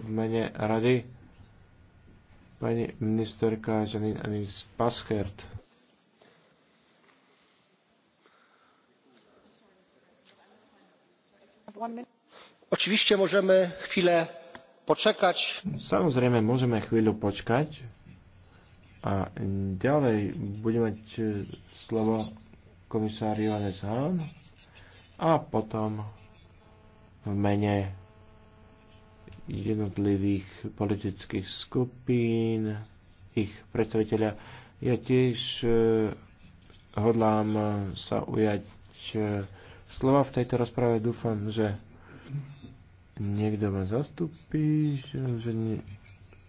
v mene rady pani ministerka Janine Anis Paskert. Oczywiście możemy chwilę poczekać. Samozrejme, môžeme chvíľu počkať. A ďalej bude mať e, slovo komisár Johannes Hahn a potom v mene jednotlivých politických skupín, ich predstaviteľa. Ja tiež e, hodlám e, sa ujať e, slova v tejto rozprave. Dúfam, že niekto ma zastupí, že nie...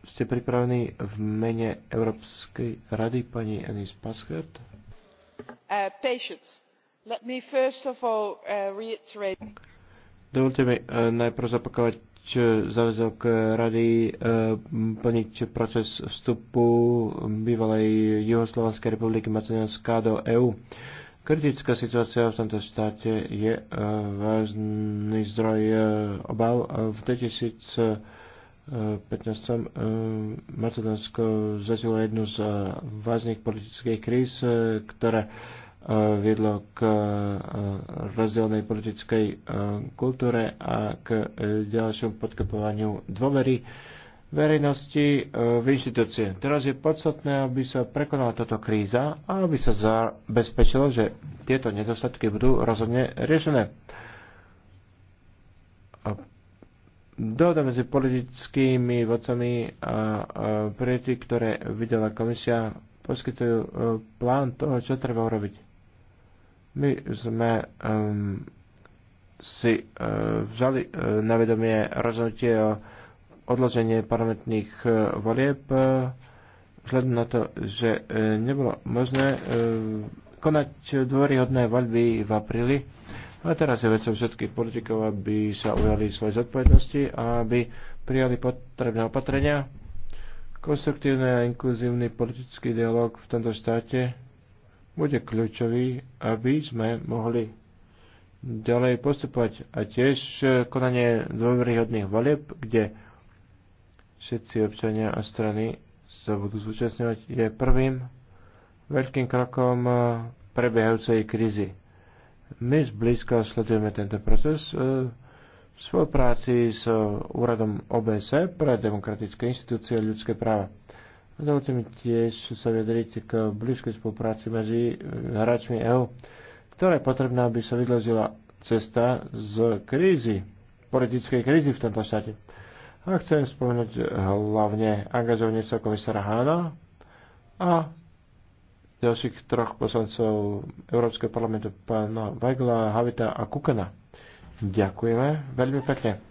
ste pripravení v mene Európskej rady pani Anis Paschert. Uh, uh, Dovolte mi uh, najprv zapakovať E, záväzok e, rady e, plniť proces vstupu bývalej Juhoslovanskej republiky Macedónska do EÚ. Kritická situácia v tomto štáte je vážny zdroj obav. V 2015 Macedónsko zažilo jednu z vážnych politických kríz, ktoré E, viedlo k e, rozdielnej politickej e, kultúre a k ďalšiemu podkopovaniu dôvery verejnosti v inštitúcie. Teraz je podstatné, aby sa prekonala táto kríza a aby sa zabezpečilo, že tieto nedostatky budú rozhodne riešené. Dohoda medzi politickými vodcami a priety, ktoré videla komisia, poskytujú plán toho, čo treba urobiť. My sme um, si uh, vzali uh, na vedomie rozhodnutie o odloženie parlamentných uh, volieb uh, vzhľadom na to, že uh, nebolo možné uh, konať dôryhodné voľby v apríli. A teraz je vecou všetkých politikov, aby sa ujali svoje zodpovednosti a aby prijali potrebné opatrenia. Konstruktívny a inkluzívny politický dialog v tomto štáte bude kľúčový, aby sme mohli ďalej postupovať. A tiež e, konanie dôveryhodných volieb, kde všetci občania a strany sa budú zúčastňovať, je prvým veľkým krokom e, prebiehajúcej krízy. My zblízka sledujeme tento proces e, v spolupráci s úradom OBS pre demokratické inštitúcie a ľudské práva. Dovolte mi tiež sa vyjadriť k blízkej spolupráci medzi eh, hráčmi EU, ktorá je potrebná, aby sa vydložila cesta z krízy, politickej krízy v tomto štáte. A chcem spomenúť eh, hlavne angažovanie sa komisára Hána a ďalších troch poslancov Európskeho parlamentu, pána Weigla, Havita a Kukana. Ďakujeme veľmi pekne.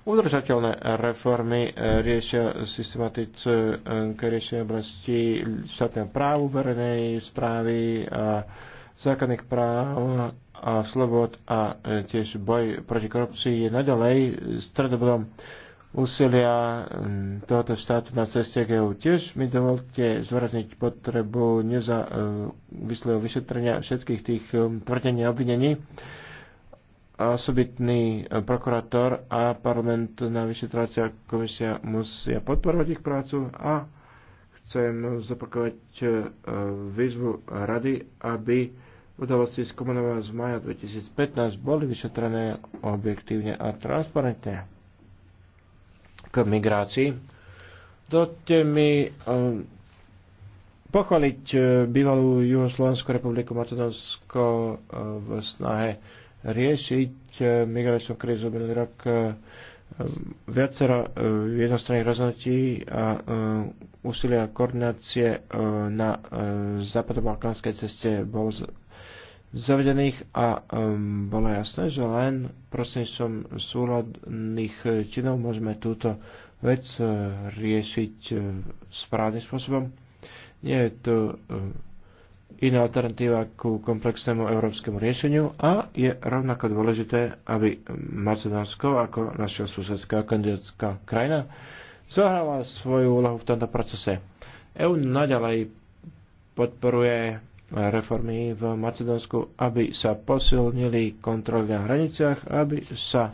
Udržateľné reformy e, riešia systematické riešenie oblasti štátneho právu, verejnej správy, a základných práv a slobod a e, tiež boj proti korupcii je naďalej stredobodom úsilia e, tohoto štátu na ceste k EU. Tiež mi dovolte zvrazniť potrebu nezávislého vyšetrenia všetkých tých tvrdení a obvinení osobitný e, prokurátor a parlamentná vyšetrovacia komisia musia podporovať ich prácu a chcem zopakovať e, výzvu rady, aby udalosti z Komunova z maja 2015 boli vyšetrené objektívne a transparentne. K migrácii. Dote mi pochvaliť e, pochváliť bývalú Juhoslovanskú republiku Macedónsko v snahe riešiť e, migračnú krízu minulý rok e, e, viacero jednostranných rozhodnutí a úsilia koordinácie na západobalkánskej ceste bolo zavedených a bolo jasné, že len prostredníctvom súladných činov môžeme túto vec riešiť správnym spôsobom. Nie je to iná alternatíva ku komplexnému európskemu riešeniu a je rovnako dôležité, aby Macedónsko ako naša susedská kandidátska krajina zohrala svoju úlohu v tomto procese. EU naďalej podporuje reformy v Macedónsku, aby sa posilnili kontroly na hraniciach, aby sa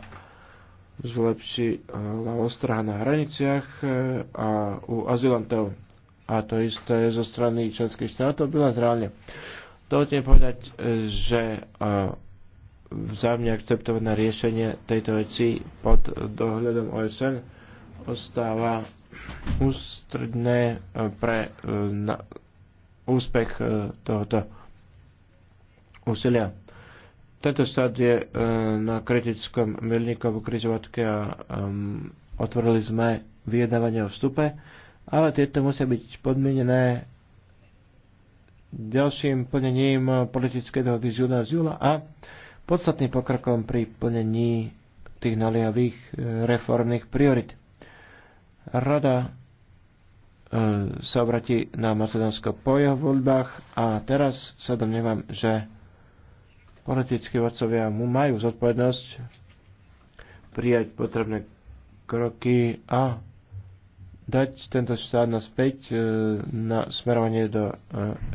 zlepšila ostraha na hraniciach e, a u azylantov a to isté zo strany členských štátov bilaterálne. Dovolte mi povedať, e, že e, vzájomne akceptované riešenie tejto veci pod dohľadom OSN ostáva ústredné e, pre na, úspech tohoto úsilia. Tento štát je na kritickom milníku v križovatke a otvorili sme vyjednávanie o vstupe ale tieto musia byť podmienené ďalším plnením politickej dohody z júna z júla a podstatným pokrokom pri plnení tých naliavých e, reformných priorit. Rada e, sa obratí na Macedónsko po jeho voľbách a teraz sa domnievam, že politickí vodcovia mu majú zodpovednosť prijať potrebné kroky a dať tento štát naspäť e, na smerovanie do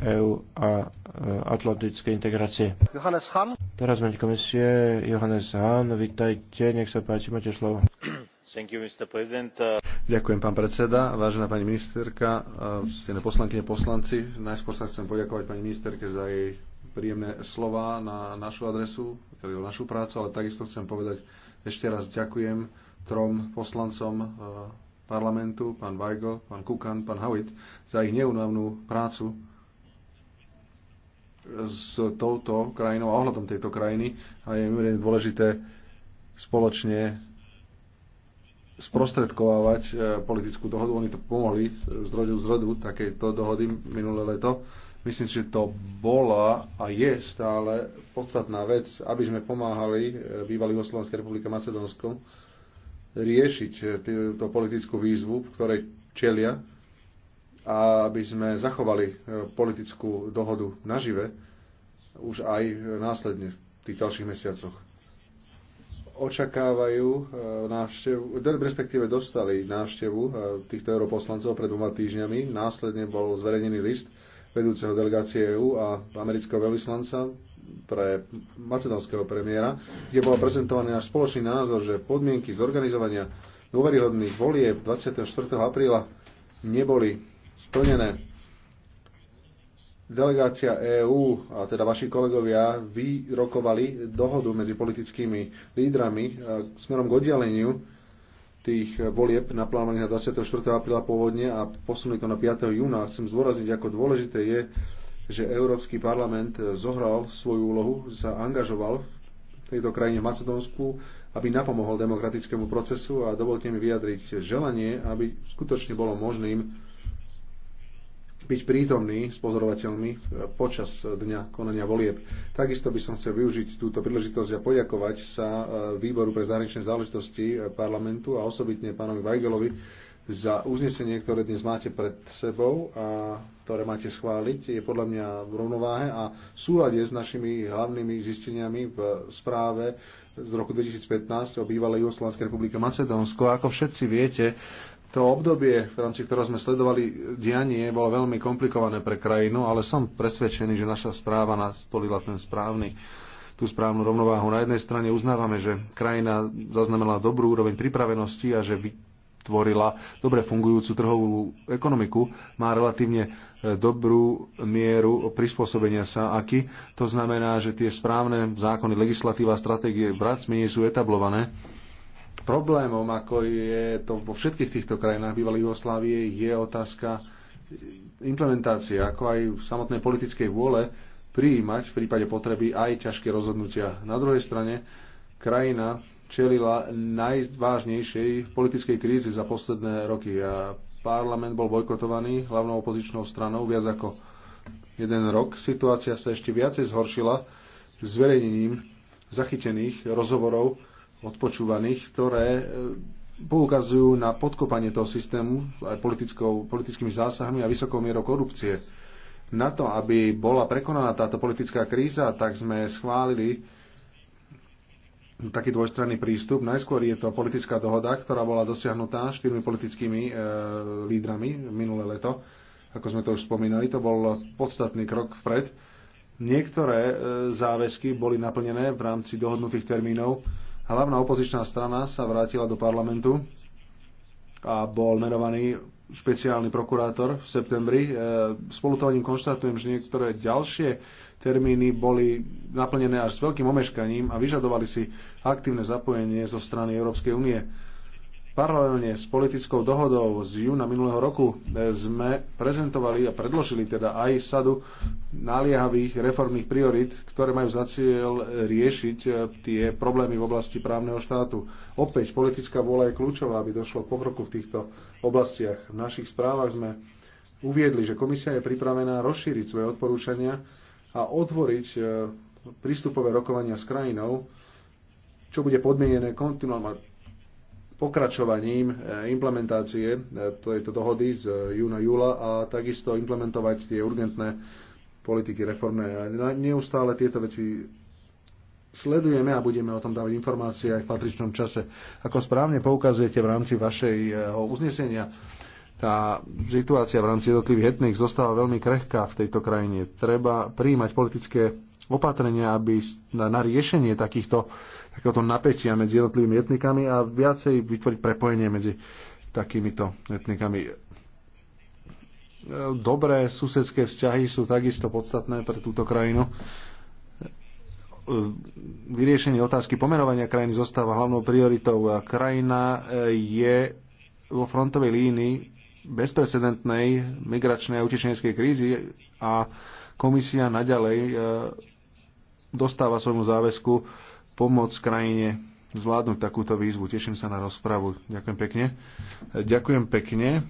EÚ e a e, atlantickej integrácie. Johannes Hahn. Teraz máte komisie. Johannes Hahn, vítajte, nech sa páči, máte slovo. Thank you, Mr. President. Ďakujem, pán predseda, vážená pani ministerka, poslanky poslankyne, poslanci. Najskôr sa chcem poďakovať pani ministerke za jej príjemné slova na našu adresu, teda našu prácu, ale takisto chcem povedať ešte raz ďakujem trom poslancom parlamentu, pán Vajgo, pán Kukan, pán Howitt, za ich neunavnú prácu s touto krajinou a ohľadom tejto krajiny a je veľmi dôležité spoločne sprostredkovávať e, politickú dohodu. Oni to pomohli z rodu z rodu takéto dohody minulé leto. Myslím si, že to bola a je stále podstatná vec, aby sme pomáhali e, bývalý Slovenskej republike Macedónskom riešiť eh, túto politickú výzvu, ktorej čelia, a aby sme zachovali eh, politickú dohodu nažive už aj následne v tých ďalších mesiacoch. Očakávajú eh, návštevu, respektíve dostali návštevu týchto europoslancov pred dvoma týždňami. Následne bol zverejnený list vedúceho delegácie EÚ a amerického veľvyslanca pre macedónskeho premiéra, kde bol prezentovaný náš spoločný názor, že podmienky zorganizovania dôveryhodných volieb 24. apríla neboli splnené. Delegácia EÚ a teda vaši kolegovia vyrokovali dohodu medzi politickými lídrami e, smerom k oddeleniu tých eh, volieb naplánovaných na 24. apríla pôvodne a posunuli to na 5. júna. Chcem zdôrazniť, ako dôležité je, že Európsky parlament eh, zohral svoju úlohu, sa angažoval v tejto krajine v Macedónsku, aby napomohol demokratickému procesu a dovolte mi vyjadriť želanie, aby skutočne bolo možným byť prítomní s pozorovateľmi e, počas dňa konania volieb. Takisto by som chcel využiť túto príležitosť a poďakovať sa e, Výboru pre zahraničné záležitosti e, parlamentu a osobitne pánovi Vajgelovi za uznesenie, ktoré dnes máte pred sebou a ktoré máte schváliť, je podľa mňa v rovnováhe a v súlade s našimi hlavnými zisteniami v správe z roku 2015 o bývalej Jugoslovanskej republike Macedónsko. Ako všetci viete, to obdobie, v rámci ktorého sme sledovali dianie, bolo veľmi komplikované pre krajinu, ale som presvedčený, že naša správa nastolila ten správny tú správnu rovnováhu. Na jednej strane uznávame, že krajina zaznamenala dobrú úroveň pripravenosti a že vytvorila dobre fungujúcu trhovú ekonomiku, má relatívne e, dobrú mieru prispôsobenia sa aký. To znamená, že tie správne zákony, legislatíva, stratégie vrac menej sú etablované problémom, ako je to vo všetkých týchto krajinách bývalej Jugoslávie, je otázka implementácie, ako aj v samotnej politickej vôle prijímať v prípade potreby aj ťažké rozhodnutia. Na druhej strane, krajina čelila najvážnejšej politickej krízy za posledné roky a parlament bol bojkotovaný hlavnou opozičnou stranou viac ako jeden rok. Situácia sa ešte viacej zhoršila zverejnením zachytených rozhovorov odpočúvaných, ktoré e, poukazujú na podkopanie toho systému aj politickými zásahmi a vysokou mierou korupcie. Na to, aby bola prekonaná táto politická kríza, tak sme schválili taký dvojstranný prístup. Najskôr je to politická dohoda, ktorá bola dosiahnutá štyrmi politickými e, lídrami minulé leto. Ako sme to už spomínali, to bol podstatný krok vpred. Niektoré e, záväzky boli naplnené v rámci dohodnutých termínov. Hlavná opozičná strana sa vrátila do parlamentu a bol menovaný špeciálny prokurátor v septembri. E, Spolutovaním konštatujem, že niektoré ďalšie termíny boli naplnené až s veľkým omeškaním a vyžadovali si aktívne zapojenie zo strany Európskej únie. Paralelne s politickou dohodou z júna minulého roku e, sme prezentovali a predložili teda aj sadu naliehavých reformných priorit, ktoré majú za cieľ riešiť e, tie problémy v oblasti právneho štátu. Opäť politická vôľa je kľúčová, aby došlo k pokroku v týchto oblastiach. V našich správach sme uviedli, že komisia je pripravená rozšíriť svoje odporúčania a otvoriť e, prístupové rokovania s krajinou, čo bude podmienené kontinuálne pokračovaním e, implementácie e, tejto dohody z júna júla a takisto implementovať tie urgentné politiky reformné. Neustále tieto veci sledujeme a budeme o tom dávať informácie aj v patričnom čase. Ako správne poukazujete v rámci vašeho e, uznesenia, tá situácia v rámci jednotlivých etných zostáva veľmi krehká v tejto krajine. Treba prijímať politické opatrenia aby na, na riešenie takýchto takéhoto napätia medzi jednotlivými etnikami a viacej vytvoriť prepojenie medzi takýmito etnikami. Dobré susedské vzťahy sú takisto podstatné pre túto krajinu. Vyriešenie otázky pomenovania krajiny zostáva hlavnou prioritou. a Krajina je vo frontovej línii bezprecedentnej migračnej a utečeneckej krízy a komisia naďalej e, dostáva svojmu záväzku pomôcť krajine zvládnuť takúto výzvu. Teším sa na rozpravu. Ďakujem pekne. Ďakujem pekne.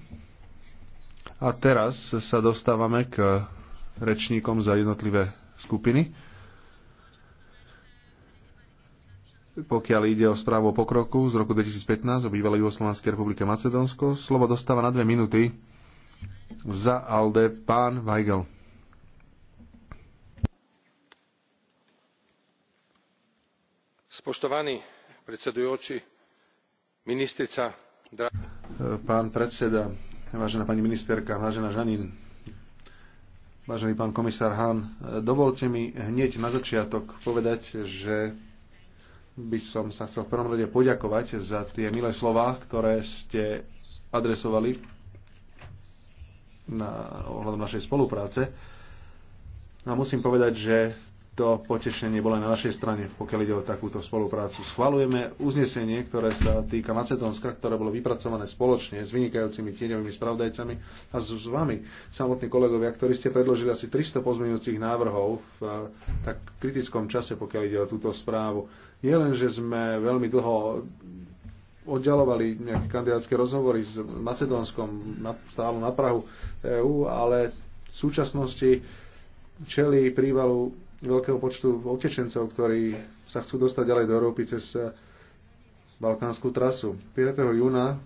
A teraz sa dostávame k rečníkom za jednotlivé skupiny. Pokiaľ ide o správu o pokroku z roku 2015 o bývalej Jugoslovanskej republike Macedónsko, slovo dostáva na dve minúty za Alde pán Weigel. spoštovani predsedujoči ministrica pán predseda vážená pani ministerka vážená jeanine vážený pán komisár hahn dovolte mi hneď na začiatok povedať že by som sa chcel v prvom rade poďakovať za tie milé slová ktoré ste adresovali na, ohľadom našej spolupráce. A musím povedať, že to potešenie bolo aj na našej strane, pokiaľ ide o takúto spoluprácu. Schvalujeme uznesenie, ktoré sa týka Macedónska, ktoré bolo vypracované spoločne s vynikajúcimi tieňovými spravodajcami a s, s vami, samotní kolegovia, ktorí ste predložili asi 300 pozmeňujúcich návrhov v tak kritickom čase, pokiaľ ide o túto správu. Nie len, že sme veľmi dlho oddialovali nejaké kandidátske rozhovory s Macedónskom, stálo na Prahu EÚ, ale v súčasnosti čeli prívalu veľkého počtu utečencov, ktorí sa chcú dostať ďalej do Európy cez eh, balkánsku trasu. 5. júna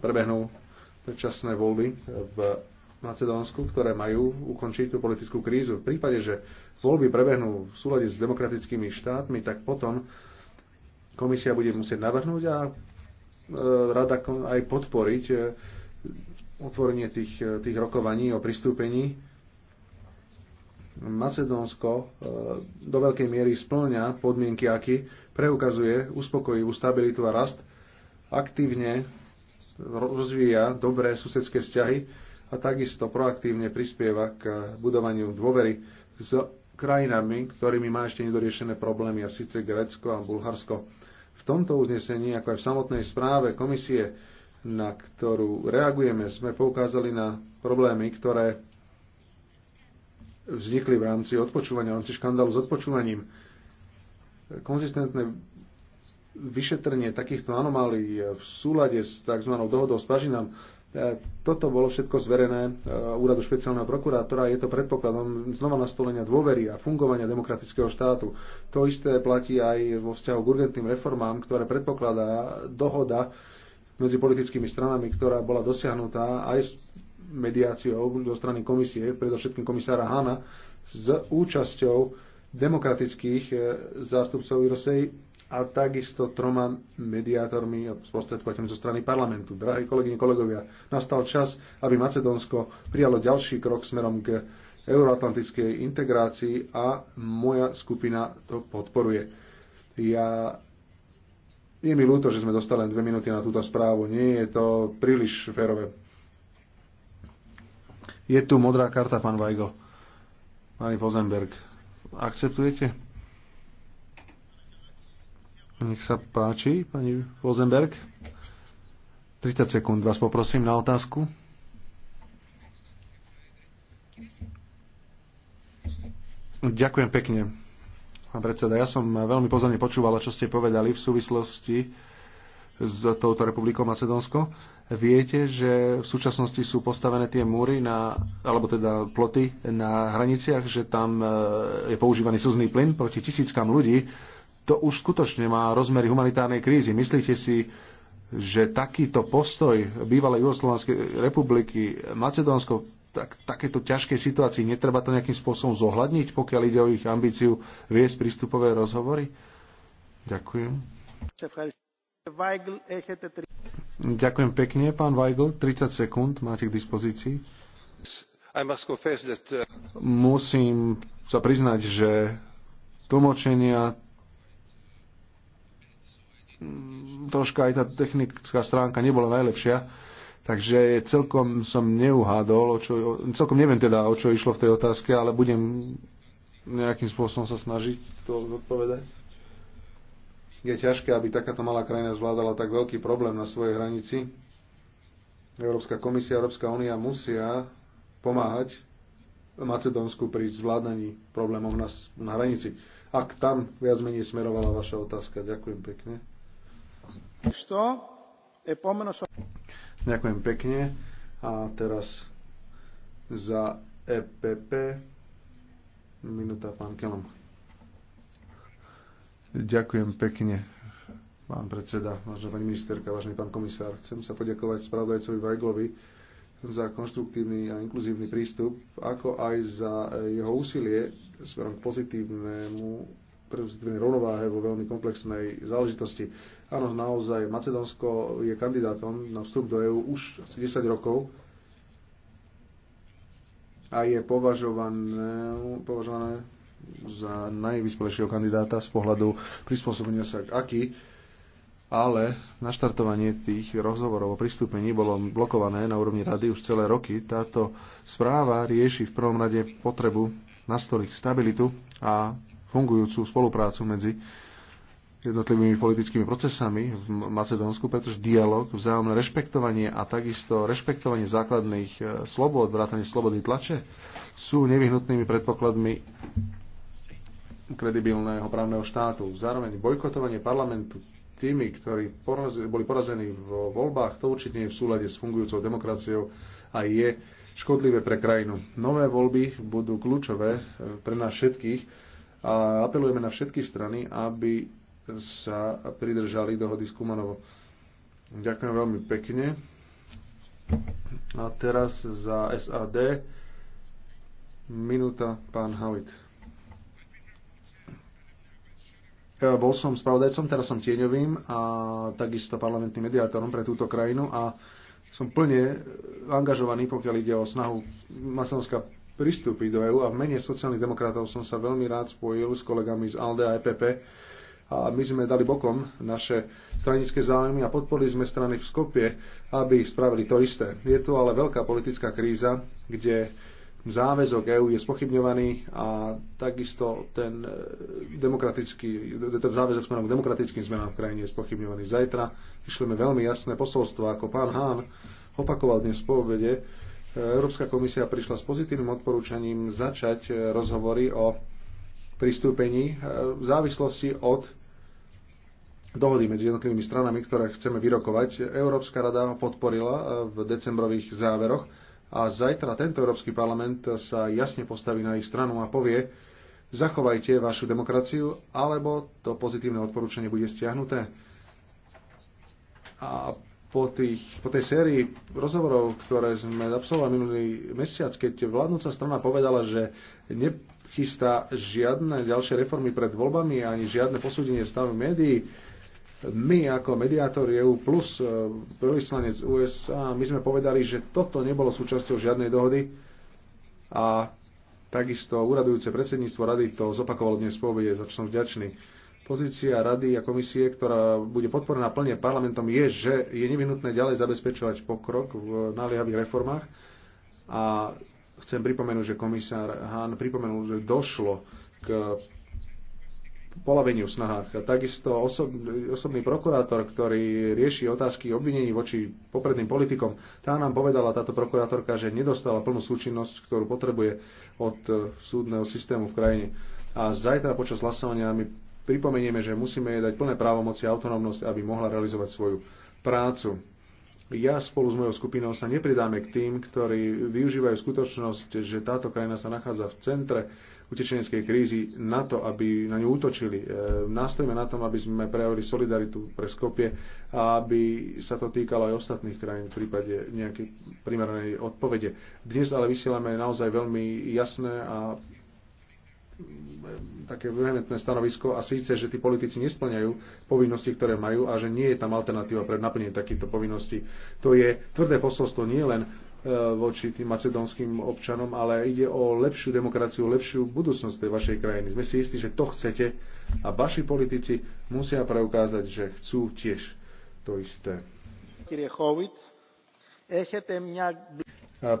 prebehnú predčasné voľby v Macedónsku, ktoré majú ukončiť tú politickú krízu. V prípade, že voľby prebehnú v súlade s demokratickými štátmi, tak potom komisia bude musieť navrhnúť a eh, rada aj podporiť eh, otvorenie tých, tých rokovaní o pristúpení Macedónsko e, do veľkej miery splňa podmienky, aký preukazuje uspokojivú stabilitu a rast, aktívne rozvíja dobré susedské vzťahy a takisto proaktívne prispieva k budovaniu dôvery s krajinami, ktorými má ešte nedoriešené problémy, a síce Grécko a Bulharsko. V tomto uznesení, ako aj v samotnej správe komisie, na ktorú reagujeme, sme poukázali na problémy, ktoré vznikli v rámci odpočúvania, v rámci škandálu s odpočúvaním. Konzistentné vyšetrenie takýchto anomálií v súlade s tzv. dohodou s Pažinám, e, toto bolo všetko zverené e, úradu špeciálneho prokurátora. Je to predpokladom znova nastolenia dôvery a fungovania demokratického štátu. To isté platí aj vo vzťahu k urgentným reformám, ktoré predpokladá dohoda medzi politickými stranami, ktorá bola dosiahnutá aj mediáciou zo strany komisie, predovšetkým komisára Hána, s účasťou demokratických e, zástupcov Irosej a takisto troma mediátormi a sprostredkovateľmi zo strany parlamentu. Drahí kolegyne, kolegovia, nastal čas, aby Macedónsko prijalo ďalší krok smerom k euroatlantickej integrácii a moja skupina to podporuje. Ja je mi ľúto, že sme dostali len dve minúty na túto správu. Nie je to príliš férové. Je tu modrá karta, pán Vajgo. Pani Pozenberg, akceptujete? Nech sa páči, pani Pozenberg. 30 sekúnd vás poprosím na otázku. Ďakujem pekne, pán predseda. Ja som veľmi pozorne počúval, čo ste povedali v súvislosti s touto republikou Macedónsko. Viete, že v súčasnosti sú postavené tie múry, na, alebo teda ploty na hraniciach, že tam e, je používaný slzný plyn proti tisíckam ľudí. To už skutočne má rozmery humanitárnej krízy. Myslíte si, že takýto postoj bývalej Jugoslovanskej republiky Macedónsko tak, takéto ťažkej situácii netreba to nejakým spôsobom zohľadniť, pokiaľ ide o ich ambíciu viesť prístupové rozhovory? Ďakujem. Ďakujem pekne, pán Weigl. 30 sekúnd máte k dispozícii. Uh, Musím sa priznať, že tlmočenia mm, troška aj tá technická stránka nebola najlepšia, takže celkom som neuhádol, o čo, celkom neviem teda, o čo išlo v tej otázke, ale budem nejakým spôsobom sa snažiť to odpovedať je ťažké, aby takáto malá krajina zvládala tak veľký problém na svojej hranici. Európska komisia, Európska únia musia pomáhať Macedónsku pri zvládaní problémov na, na hranici. Ak tam viac menej smerovala vaša otázka. Ďakujem pekne. Ďakujem pekne. A teraz za EPP minúta pán Kelom. Ďakujem pekne, pán predseda, vážená pani ministerka, vážený pán komisár. Chcem sa poďakovať spravodajcovi Vajglovi za konštruktívny a inkluzívny prístup, ako aj za jeho úsilie smerom k pozitívnemu pozitívnej rovnováhe vo veľmi komplexnej záležitosti. Áno, naozaj Macedónsko je kandidátom na vstup do EÚ už 10 rokov a je považované, považované za najvyspelejšieho kandidáta z pohľadu prispôsobenia sa k aký, ale naštartovanie tých rozhovorov o pristúpení bolo blokované na úrovni rady už celé roky. Táto správa rieši v prvom rade potrebu nastoliť stabilitu a fungujúcu spoluprácu medzi jednotlivými politickými procesami v Macedónsku, pretože dialog, vzájomné rešpektovanie a takisto rešpektovanie základných eh, slobod, vrátanie slobody tlače sú nevyhnutnými predpokladmi kredibilného právneho štátu. Zároveň bojkotovanie parlamentu tými, ktorí poraz, boli porazení vo voľbách, to určite nie je v súlade s fungujúcou demokraciou a je škodlivé pre krajinu. Nové voľby budú kľúčové e, pre nás všetkých a apelujeme na všetky strany, aby sa pridržali dohody s Kumanovo. Ďakujem veľmi pekne. A teraz za SAD minúta pán Havit. E, bol som spravodajcom, teraz som tieňovým a takisto parlamentným mediátorom pre túto krajinu a som plne angažovaný, pokiaľ ide o snahu Macedónska pristúpiť do EÚ a v mene sociálnych demokratov som sa veľmi rád spojil s kolegami z ALDE a EPP a my sme dali bokom naše stranické záujmy a podporili sme strany v Skopie, aby spravili to isté. Je tu ale veľká politická kríza, kde záväzok EÚ je spochybňovaný a takisto ten, e, demokratický, ten záväzok smerom k demokratickým zmenám v krajine je spochybňovaný. Zajtra išleme veľmi jasné posolstvo, ako pán Hán opakoval dnes po obede. E, Európska komisia prišla s pozitívnym odporúčaním začať e, rozhovory o pristúpení v závislosti od dohody medzi jednotlivými stranami, ktoré chceme vyrokovať. Európska rada podporila v decembrových záveroch a zajtra tento Európsky parlament sa jasne postaví na ich stranu a povie, zachovajte vašu demokraciu, alebo to pozitívne odporúčanie bude stiahnuté. A po, tých, po tej sérii rozhovorov, ktoré sme absolvovali minulý mesiac, keď vládnúca strana povedala, že nechystá žiadne ďalšie reformy pred voľbami ani žiadne posúdenie stavu médií, my ako mediátor EU plus e, veľvyslanec USA, my sme povedali, že toto nebolo súčasťou žiadnej dohody a takisto uradujúce predsedníctvo rady to zopakovalo dnes po obede, za čo som vďačný pozícia rady a komisie, ktorá bude podporená plne parlamentom, je, že je nevyhnutné ďalej zabezpečovať pokrok v naliehavých reformách. A chcem pripomenúť, že komisár Hahn pripomenul, že došlo k polaveniu snahách. A takisto osobný, osobný prokurátor, ktorý rieši otázky obvinení voči popredným politikom, tá nám povedala, táto prokurátorka, že nedostala plnú súčinnosť, ktorú potrebuje od e, súdneho systému v krajine. A zajtra počas hlasovania my pripomenieme, že musíme jej dať plné právomoci a autonómnosť, aby mohla realizovať svoju prácu. Ja spolu s mojou skupinou sa nepridáme k tým, ktorí využívajú skutočnosť, že táto krajina sa nachádza v centre utečeneckej krízy na to, aby na ňu útočili. E, Nastojme na tom, aby sme prejavili solidaritu pre Skopie a aby sa to týkalo aj ostatných krajín v prípade nejakej primeranej odpovede. Dnes ale vysielame naozaj veľmi jasné a také vehementné stanovisko a síce, že tí politici nesplňajú povinnosti, ktoré majú a že nie je tam alternatíva pre naplnenie takýchto povinností. To je tvrdé posolstvo nie len e, voči tým macedónskym občanom, ale ide o lepšiu demokraciu, lepšiu budúcnosť tej vašej krajiny. Sme si istí, že to chcete a vaši politici musia preukázať, že chcú tiež to isté.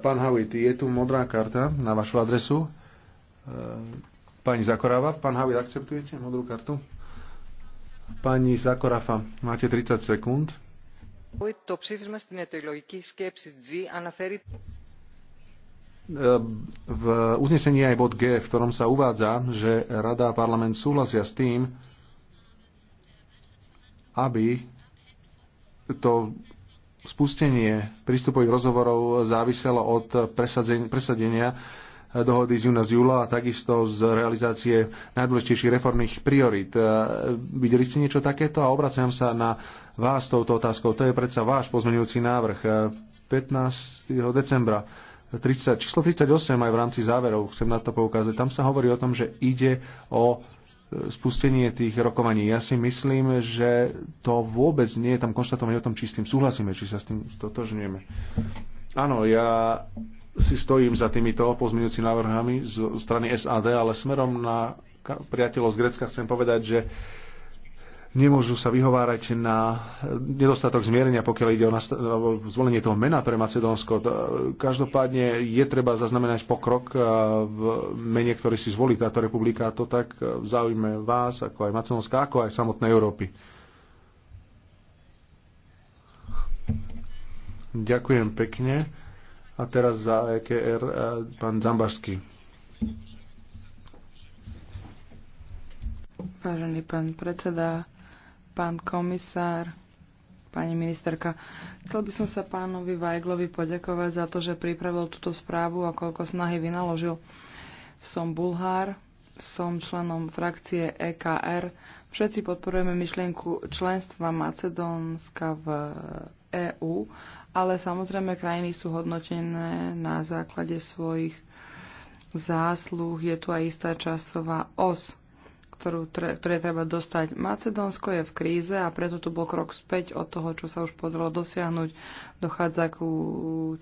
Pán Howitt, je tu modrá karta na vašu adresu. Pani Zakoráva, pán Havid, akceptujete modrú kartu? Pani Zakorafa, máte 30 sekúnd. To ψήφισμα στην εταιρεολογική σκέψη G αναφέρει... Ehm, v uznesení aj bod G, v ktorom sa uvádza, že Rada a parlament súhlasia s tým, aby to spustenie prístupových rozhovorov záviselo od presadenia dohody z júna z júla a takisto z realizácie najdôležitejších reformných priorít. E, videli ste niečo takéto? A obraciam sa na vás touto otázkou. To je predsa váš pozmeňujúci návrh 15. E, decembra. 30, číslo 38 aj v rámci záverov, chcem na to poukázať, tam sa hovorí o tom, že ide o e, spustenie tých rokovaní. Ja si myslím, že to vôbec nie je tam konštatovanie o tom, či s tým súhlasíme, či sa s tým stotožňujeme. Áno, ja si stojím za týmito pozmeňujúcimi návrhami zo strany SAD, ale smerom na priateľov z Grecka chcem povedať, že nemôžu sa vyhovárať na nedostatok zmierenia, pokiaľ ide o zvolenie toho mena pre Macedónsko. Každopádne je treba zaznamenať pokrok v mene, ktorý si zvolí táto republika. A to tak zaujíme vás, ako aj Macedónska, ako aj samotnej Európy. Ďakujem pekne. A teraz za EKR e, pán Zambarský. Vážený pán predseda, pán komisár, pani ministerka. Chcel by som sa pánovi Vajglovi poďakovať za to, že pripravil túto správu a koľko snahy vynaložil. Som Bulhár, som členom frakcie EKR. Všetci podporujeme myšlienku členstva Macedónska v EÚ ale samozrejme krajiny sú hodnotené na základe svojich zásluh. Je tu aj istá časová os, ktorú tre, ktoré treba dostať. Macedónsko je v kríze a preto tu bol krok späť od toho, čo sa už podarilo dosiahnuť. Dochádza ku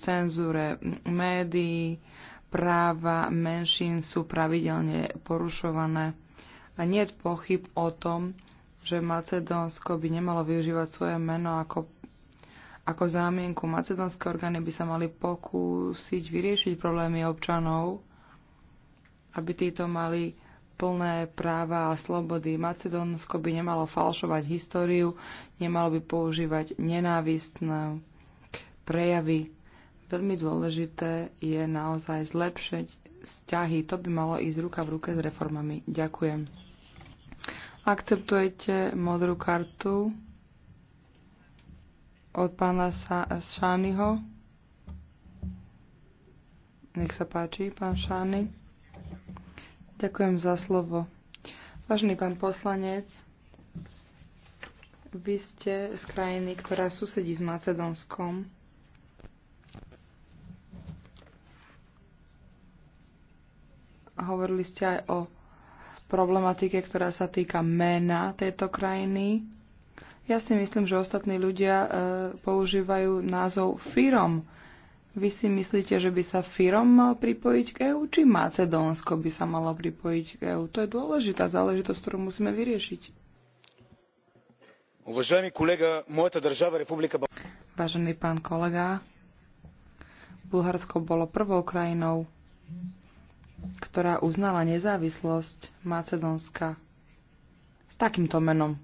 cenzúre médií, práva menšín sú pravidelne porušované. A nie je pochyb o tom, že Macedónsko by nemalo využívať svoje meno ako ako zámienku macedónske orgány by sa mali pokúsiť vyriešiť problémy občanov, aby títo mali plné práva a slobody. Macedónsko by nemalo falšovať históriu, nemalo by používať nenávistné prejavy. Veľmi dôležité je naozaj zlepšiť vzťahy. To by malo ísť ruka v ruke s reformami. Ďakujem. Akceptujete modrú kartu? od pána Šányho. Nech sa páči, pán Šány. Ďakujem za slovo. Vážený pán poslanec, vy ste z krajiny, ktorá susedí s Macedónskom. Hovorili ste aj o problematike, ktorá sa týka mena tejto krajiny. Ja si myslím, že ostatní ľudia e, používajú názov Firom. Vy si myslíte, že by sa Firom mal pripojiť k EU, či Macedónsko by sa malo pripojiť k EU? To je dôležitá záležitosť, ktorú musíme vyriešiť. Uvažujeme kolega, moja država Republika Vážený pán kolega, Bulharsko bolo prvou krajinou, ktorá uznala nezávislosť Macedónska s takýmto menom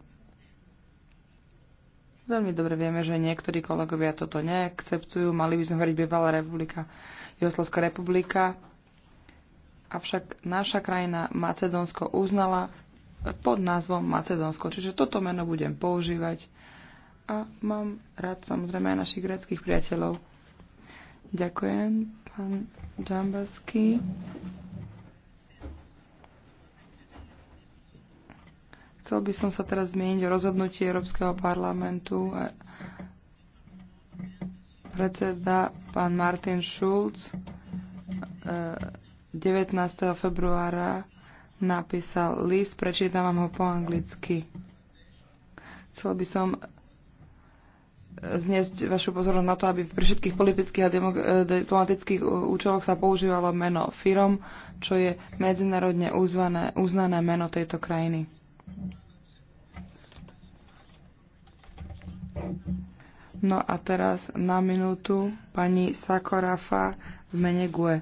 Veľmi dobre vieme, že niektorí kolegovia toto neakceptujú. Mali by sme hovoriť bývalá republika, Jugoslovská republika. Avšak naša krajina Macedónsko uznala pod názvom Macedónsko. Čiže toto meno budem používať. A mám rád samozrejme aj našich greckých priateľov. Ďakujem, pán Džambasky. Chcel by som sa teraz zmieniť o rozhodnutí Európskeho parlamentu. Predseda pán Martin Schulz 19. Eh, februára napísal list, prečítam ho po anglicky. Chcel by som eh, zniesť vašu pozornosť na to, aby pri všetkých politických a eh, diplomatických účeloch sa používalo meno FIROM, čo je medzinárodne uznané, uznané meno tejto krajiny. No a teraz na minútu pani Sakorafa v mene GUE.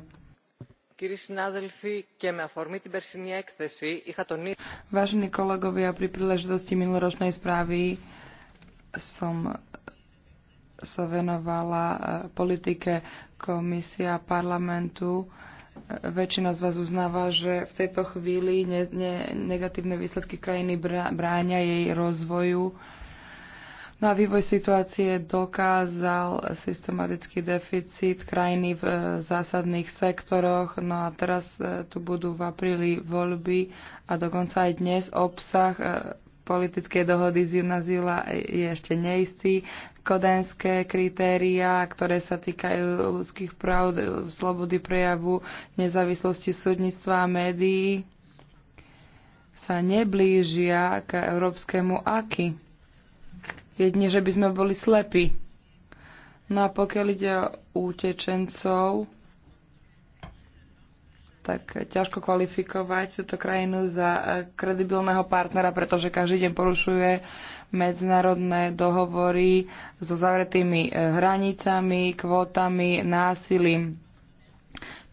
Vážení kolegovia, pri príležitosti minuloročnej správy som sa venovala eh, politike komisia parlamentu. Väčšina z vás uznáva, že v tejto chvíli ne, ne, negatívne výsledky krajiny bráňa jej rozvoju No a vývoj situácie dokázal systematický deficit krajiny v e, zásadných sektoroch. No a teraz e, tu budú v apríli voľby a dokonca aj dnes obsah e, politickej dohody z Junazila je ešte neistý. Kodenské kritériá, ktoré sa týkajú ľudských práv, slobody prejavu, nezávislosti súdnictva a médií, sa neblížia k európskemu aky jedne, že by sme boli slepí. No a pokiaľ ide o utečencov, tak ťažko kvalifikovať túto krajinu za eh, kredibilného partnera, pretože každý deň porušuje medzinárodné dohovory so zavretými eh, hranicami, kvótami, násilím.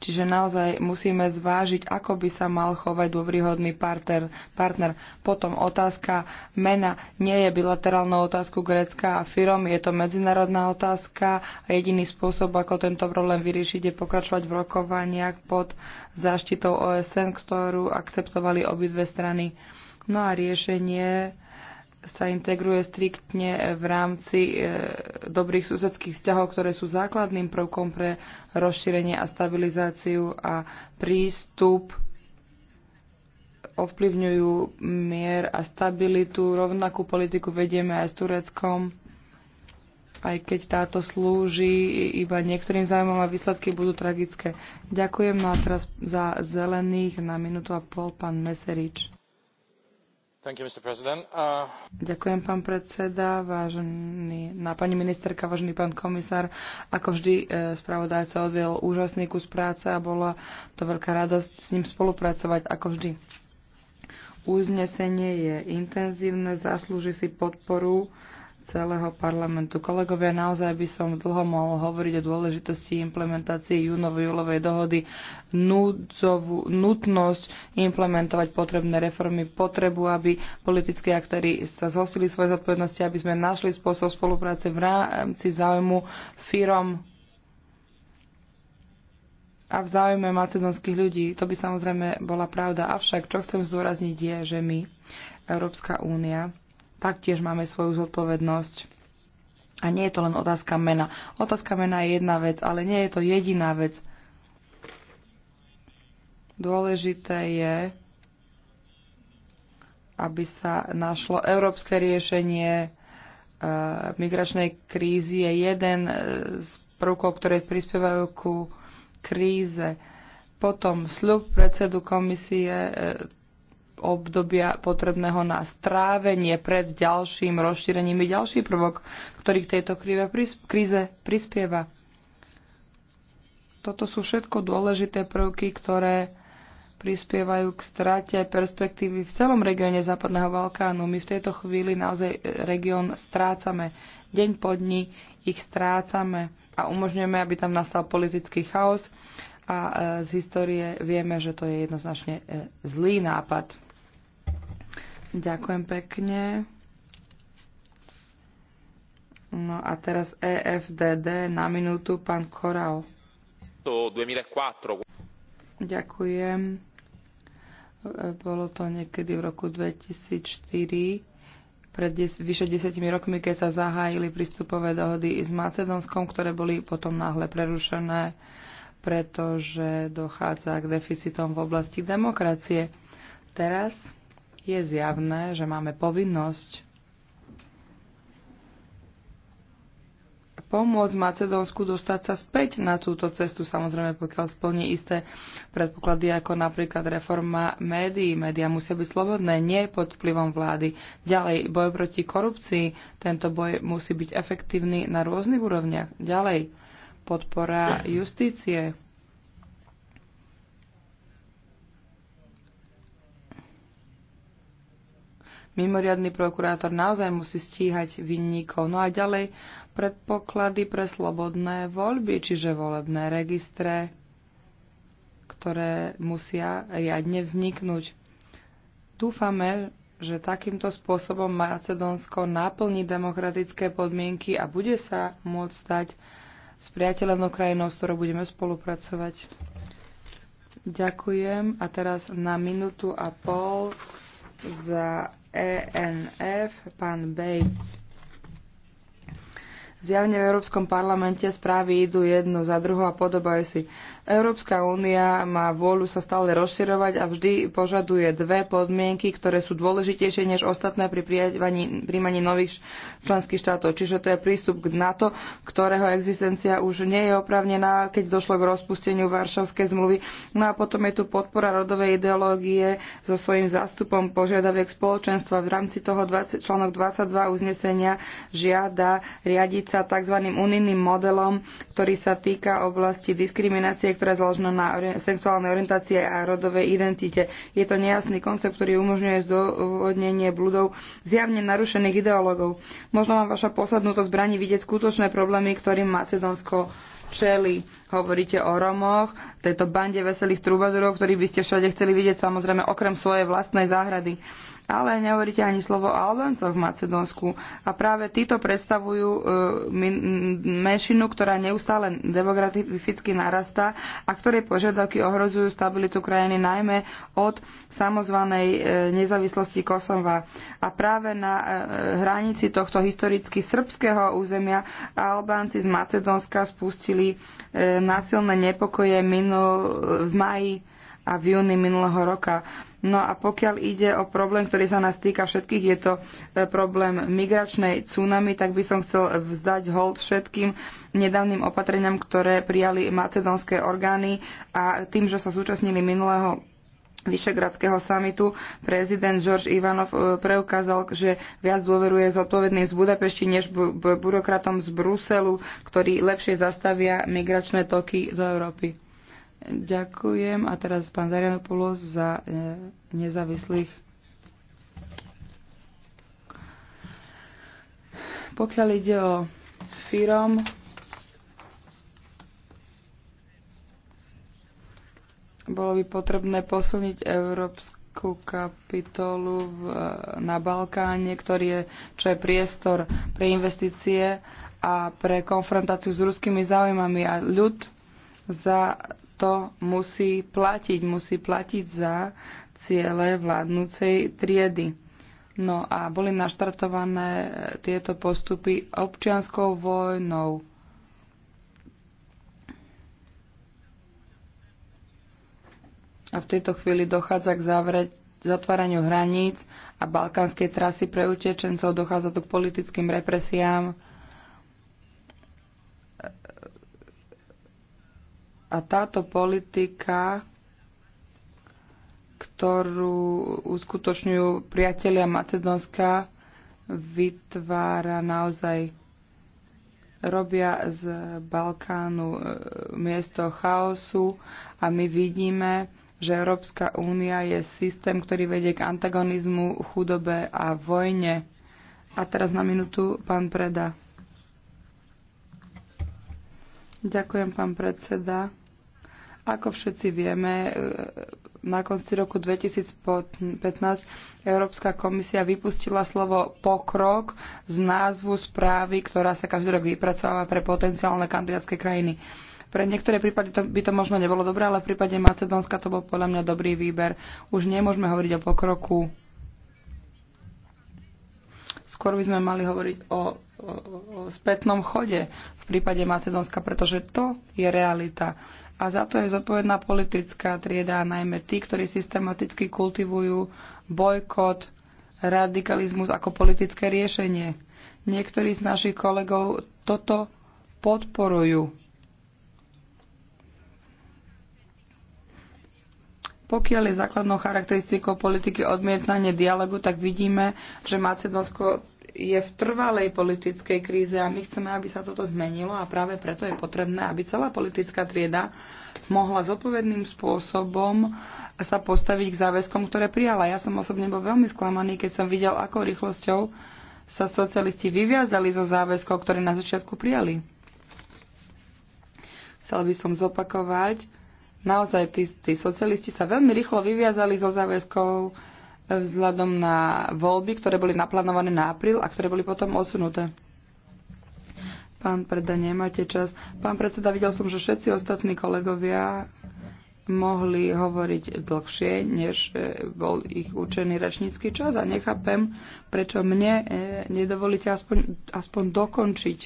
Čiže naozaj musíme zvážiť, ako by sa mal chovať dôvryhodný partner. partner. Potom otázka mena nie je bilaterálnou otázku Grécka a firom, je to medzinárodná otázka a jediný spôsob, ako tento problém vyriešiť, je pokračovať v rokovaniach pod záštitou OSN, ktorú akceptovali obidve strany. No a riešenie sa integruje striktne v rámci e, dobrých susedských vzťahov, ktoré sú základným prvkom pre rozšírenie a stabilizáciu a prístup ovplyvňujú mier a stabilitu. Rovnakú politiku vedieme aj s Tureckom, aj keď táto slúži iba niektorým zájmom a výsledky budú tragické. Ďakujem no a teraz za zelených na minútu a pol pán Meserič. Uh, Ďakujem, pán predseda, vážená pani ministerka, vážený pán komisár. Ako vždy, eh, spravodajca odviel úžasný kus práce a bola to veľká radosť s ním spolupracovať, ako vždy. Uznesenie je intenzívne, zaslúži si podporu celého parlamentu. Kolegovia, naozaj by som dlho mohol hovoriť o dôležitosti implementácie júnovo-júlovej dohody, núdzovú, nutnosť implementovať potrebné reformy, potrebu, aby politické aktéry sa zhosili svoje zodpovednosti, aby sme našli spôsob spolupráce v rámci záujmu firom a v záujme macedonských ľudí. To by samozrejme bola pravda. Avšak, čo chcem zdôrazniť je, že my, Európska únia, taktiež máme svoju zodpovednosť. A nie je to len otázka mena. Otázka mena je jedna vec, ale nie je to jediná vec. Dôležité je, aby sa našlo európske riešenie e, migračnej krízy. Je jeden e, z prvkov, ktoré prispievajú ku kríze. Potom sľub predsedu komisie, e, obdobia potrebného na strávenie pred ďalším rozšírením je ďalší prvok, ktorý k tejto kríze prispieva. Toto sú všetko dôležité prvky, ktoré prispievajú k strate perspektívy v celom regióne Západného Balkánu. My v tejto chvíli naozaj e, región strácame. Deň po dni ich strácame a umožňujeme, aby tam nastal politický chaos a e, z histórie vieme, že to je jednoznačne e, zlý nápad. Ďakujem pekne. No a teraz EFDD na minútu, pán Korau. 2004. Ďakujem. Bolo to niekedy v roku 2004, pred des, vyše desiatimi rokmi, keď sa zahájili prístupové dohody s Macedónskom, ktoré boli potom náhle prerušené, pretože dochádza k deficitom v oblasti demokracie. Teraz je zjavné, že máme povinnosť pomôcť Macedónsku dostať sa späť na túto cestu, samozrejme pokiaľ splní isté predpoklady ako napríklad reforma médií. Média musia byť slobodné, nie pod vplyvom vlády. Ďalej, boj proti korupcii. Tento boj musí byť efektívny na rôznych úrovniach. Ďalej, podpora justície mimoriadný prokurátor naozaj musí stíhať vinníkov. No a ďalej predpoklady pre slobodné voľby, čiže volebné registre, ktoré musia riadne vzniknúť. Dúfame, že takýmto spôsobom Macedónsko naplní demokratické podmienky a bude sa môcť stať s priateľovnou krajinou, s ktorou budeme spolupracovať. Ďakujem a teraz na minútu a pol za ENF, pán Bej. Zjavne v Európskom parlamente správy idú jedno za druhou a podobajú si. Európska únia má vôľu sa stále rozširovať a vždy požaduje dve podmienky, ktoré sú dôležitejšie než ostatné pri príjmaní nových členských štátov. Čiže to je prístup k NATO, ktorého existencia už nie je opravnená, keď došlo k rozpusteniu Varšavskej zmluvy. No a potom je tu podpora rodovej ideológie so svojím zástupom požiadaviek spoločenstva. V rámci toho 20, článok 22 uznesenia žiada riadiť sa tzv. unijným modelom, ktorý sa týka oblasti diskriminácie, ktorá je založená na sexuálnej orientácie a rodovej identite. Je to nejasný koncept, ktorý umožňuje zdôvodnenie bludov zjavne narušených ideológov. Možno vám vaša posadnutosť zbraní vidieť skutočné problémy, ktorým Macedónsko čeli. Hovoríte o Romoch, tejto bande veselých trubadurov, ktorých by ste všade chceli vidieť, samozrejme okrem svojej vlastnej záhrady ale nehovoríte ani slovo o Albáncoch v Macedónsku. A práve títo predstavujú e, menšinu, ktorá neustále demograficky narastá a ktorej požiadavky ohrozujú stabilitu krajiny najmä od samozvanej e, nezávislosti Kosova. A práve na e, hranici tohto historicky srbského územia Albánci z Macedónska spustili násilné nepokoje minul, v maji a v júni minulého roka No a pokiaľ ide o problém, ktorý sa nás týka všetkých, je to e, problém migračnej tsunami, tak by som chcel vzdať hold všetkým nedávnym opatreniam, ktoré prijali macedónske orgány a tým, že sa zúčastnili minulého Vyšegradského samitu prezident George Ivanov e, preukázal, že viac dôveruje zodpovedným z Budapešti než burokratom z Bruselu, ktorí lepšie zastavia migračné toky do Európy. Ďakujem a teraz pán Zarianopoulos za e, nezávislých. Pokiaľ ide o firom, bolo by potrebné posilniť európsku kapitolu v, na Balkáne, ktorý je, čo je priestor pre investície a pre konfrontáciu s ruskými záujmami a ľud za to musí platiť, musí platiť za ciele vládnúcej triedy. No a boli naštartované tieto postupy občianskou vojnou. A v tejto chvíli dochádza k zavreť, zatváraniu hraníc a balkánskej trasy pre utečencov, dochádza tu k politickým represiám, A táto politika, ktorú uskutočňujú priatelia Macedónska, vytvára naozaj robia z Balkánu e, miesto chaosu a my vidíme, že Európska únia je systém, ktorý vedie k antagonizmu, chudobe a vojne. A teraz na minútu pán Preda. Ďakujem, pán predseda. Ako všetci vieme, e, na konci roku 2015 Európska komisia vypustila slovo pokrok z názvu správy, ktorá sa každý rok vypracováva pre potenciálne kandidátske krajiny. Pre niektoré prípady to, by to možno nebolo dobré, ale v prípade Macedónska to bol podľa mňa dobrý výber. Už nemôžeme hovoriť o pokroku. Skôr by sme mali hovoriť o, o, o spätnom chode v prípade Macedónska, pretože to je realita a za to je zodpovedná politická trieda, najmä tí, ktorí systematicky kultivujú bojkot, radikalizmus ako politické riešenie. Niektorí z našich kolegov toto podporujú. Pokiaľ je základnou charakteristikou politiky odmietanie dialogu, tak vidíme, že Macedónsko je v trvalej politickej kríze a my chceme, aby sa toto zmenilo a práve preto je potrebné, aby celá politická trieda mohla zodpovedným spôsobom sa postaviť k záväzkom, ktoré prijala. Ja som osobne bol veľmi sklamaný, keď som videl, akou rýchlosťou sa socialisti vyviazali zo záväzkov, ktoré na začiatku prijali. Chcel by som zopakovať, naozaj tí, tí socialisti sa veľmi rýchlo vyviazali zo záväzkov, vzhľadom na voľby, ktoré boli naplánované na apríl a ktoré boli potom osunuté. Pán preda, nemáte čas. Pán predseda, videl som, že všetci ostatní kolegovia mohli hovoriť dlhšie, než e, bol ich učený račnícky čas a nechápem, prečo mne e, nedovolíte aspoň, aspoň dokončiť.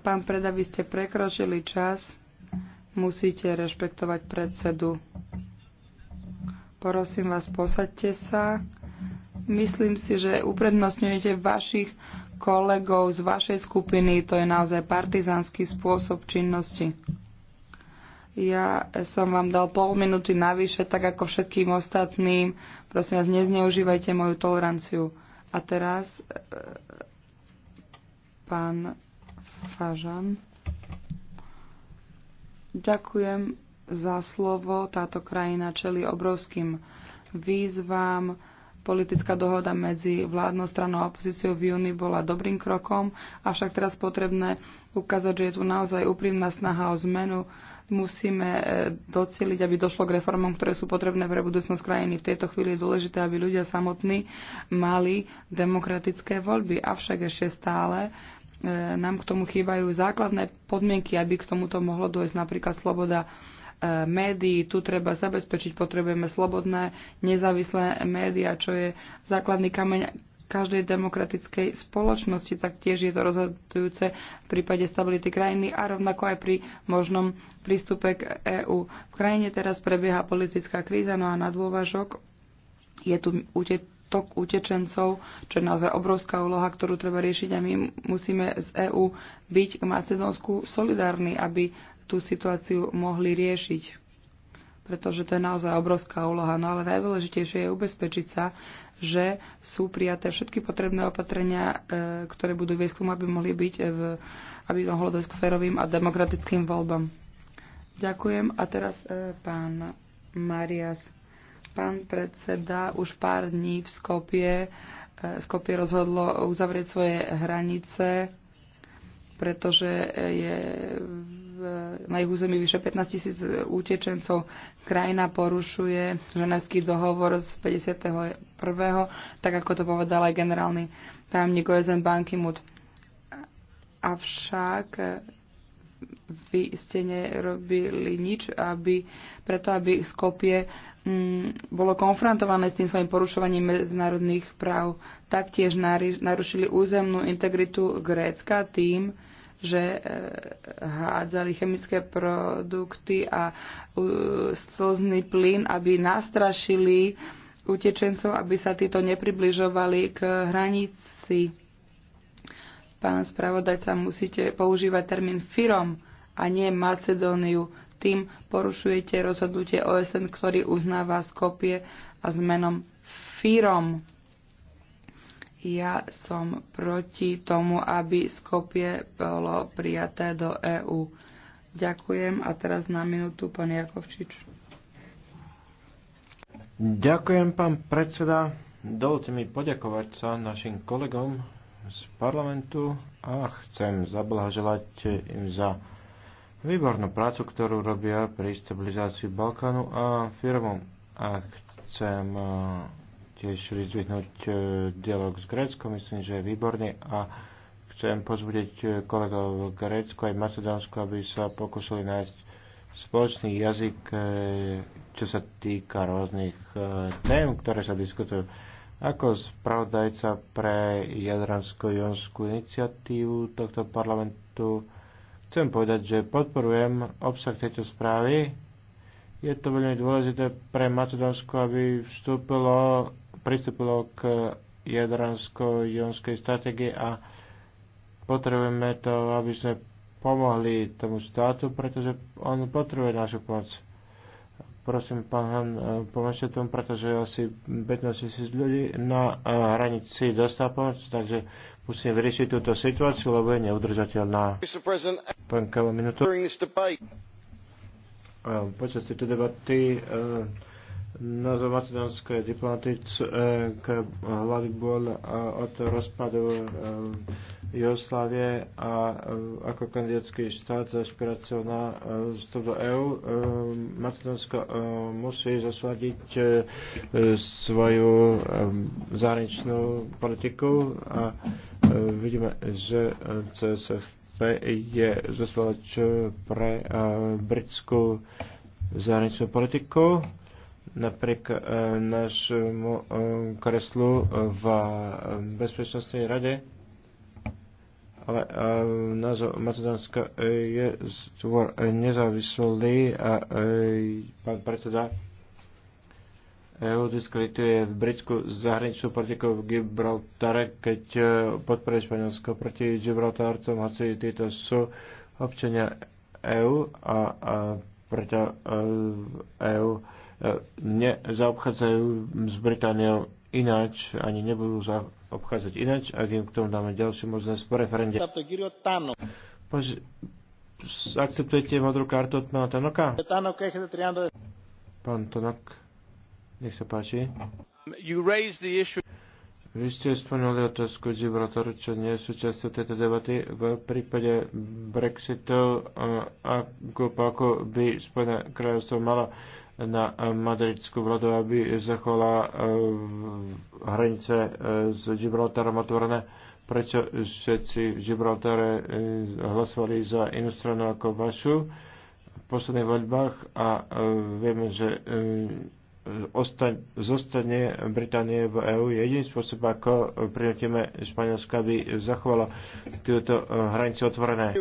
Pán preda, vy ste prekročili čas, musíte rešpektovať predsedu. Prosím vás, posaďte sa. Myslím si, že uprednostňujete vašich kolegov z vašej skupiny. To je naozaj partizánsky spôsob činnosti. Ja som vám dal pol minúty navyše, tak ako všetkým ostatným. Prosím vás, nezneužívajte moju toleranciu. A teraz e, pán Fažan. Ďakujem za slovo. Táto krajina čeli obrovským výzvam. Politická dohoda medzi vládnou stranou a opozíciou v júni bola dobrým krokom, avšak teraz potrebné ukázať, že je tu naozaj úprimná snaha o zmenu. Musíme e, docieliť, aby došlo k reformom, ktoré sú potrebné pre budúcnosť krajiny. V tejto chvíli je dôležité, aby ľudia samotní mali demokratické voľby, avšak ešte stále e, nám k tomu chýbajú základné podmienky, aby k tomuto mohlo dojsť napríklad sloboda E, médií. Tu treba zabezpečiť, potrebujeme slobodné, nezávislé médiá, čo je základný kameň každej demokratickej spoločnosti, tak tiež je to rozhodujúce v prípade stability krajiny a rovnako aj pri možnom prístupe k EÚ. V krajine teraz prebieha politická kríza, no a na dôvažok je tu utek tok utečencov, čo je naozaj obrovská úloha, ktorú treba riešiť a my musíme z EÚ byť k Macedónsku solidárni, aby tú situáciu mohli riešiť. Pretože to je naozaj obrovská úloha. No ale najdôležitejšie je ubezpečiť sa, že sú prijaté všetky potrebné opatrenia, e, ktoré budú viesť k tomu, aby mohli byť, v, aby mohlo dojsť k férovým a demokratickým voľbám. Ďakujem. A teraz e, pán Marias. Pán predseda už pár dní v Skopie, e, Skopie rozhodlo uzavrieť svoje hranice, pretože je na ich území vyše 15 tisíc utečencov. Krajina porušuje ženevský dohovor z 51. tak ako to povedal aj generálny tajomník OSN Bankimut. Avšak vy ste nerobili nič, aby, preto aby Skopie mm, bolo konfrontované s tým svojim porušovaním medzinárodných práv. Taktiež narušili územnú integritu Grécka tým, že e, hádzali chemické produkty a slzný plyn, aby nastrašili utečencov, aby sa títo nepribližovali k hranici. Pán spravodajca, musíte používať termín firom a nie Macedóniu. Tým porušujete rozhodnutie OSN, ktorý uznáva Skopie a zmenom firom. Ja som proti tomu, aby Skopie bolo prijaté do EÚ. Ďakujem a teraz na minútu pán Jakovčič. Ďakujem, pán predseda. Dovolte mi poďakovať sa našim kolegom z parlamentu a chcem zablahoželať im za výbornú prácu, ktorú robia pri stabilizácii Balkánu a firmom. A chcem tiež vyzvihnúť e, dialog s Gréckom, myslím, že je výborný a chcem pozbudiť e, kolegov v Grécku aj v Macedónsku, aby sa pokusili nájsť spoločný jazyk, e, čo sa týka rôznych tém, ktoré sa diskutujú. Ako spravodajca pre Jadransko-Jonskú iniciatívu tohto parlamentu chcem povedať, že podporujem obsah tejto správy. Je to veľmi dôležité pre Macedónsko, aby vstúpilo pristúpilo k jadransko-jonskej strategii a potrebujeme to, aby sme pomohli tomu štátu, pretože on potrebuje našu pomoc. Prosím, pán Han, pomôžte tomu, pretože asi 15 tisíc ľudí na eh, hranici dostá pomoc, takže musím vyriešiť túto situáciu, lebo je neudržateľná. Pán Kava, minútu. Eh, počas tejto debaty uh, názov macedónskej diplomatické eh, eh, hlavy bol eh, od rozpadu Jugoslávie a ako kandidátsky štát za aspiráciou na vstup do EÚ Macedónsko musí zasladiť svoju zahraničnú politiku a vidíme, že CSFP je zasladač pre britskú zahraničnú politiku napriek e, našemu e, kreslu v e, Bezpečnostnej rade, ale názov Macedónska je tvor nezávislý a pán predseda EU diskredituje v Britsku zahraničnú politiku v Gibraltare, keď podporuje Španielsko proti Gibraltárcom, hoci títo sú občania EU a, a preto EU nezaobchádzajú s Britániou ináč, ani nebudú zaobchádzať ináč, ak im k tomu dáme ďalšie možnosť po referende. Pož- akceptujete modrú kartu od pána Tanoka? Pán Tanok, nech sa páči. Vy ste spomínali otázku Gibraltaru, čo nie sú často tejto debaty. V prípade Brexitu, ako by Spojené kráľovstvo malo na madridskú vládu, aby zachovala e, hranice e, s Gibraltarom otvorené. Prečo všetci v Gibraltare e, hlasovali za inú stranu ako vašu v posledných voľbách a vieme, že zostane Británie v EÚ. Jediný spôsob, ako prinútime Španielska, aby zachovala tieto hranice otvorené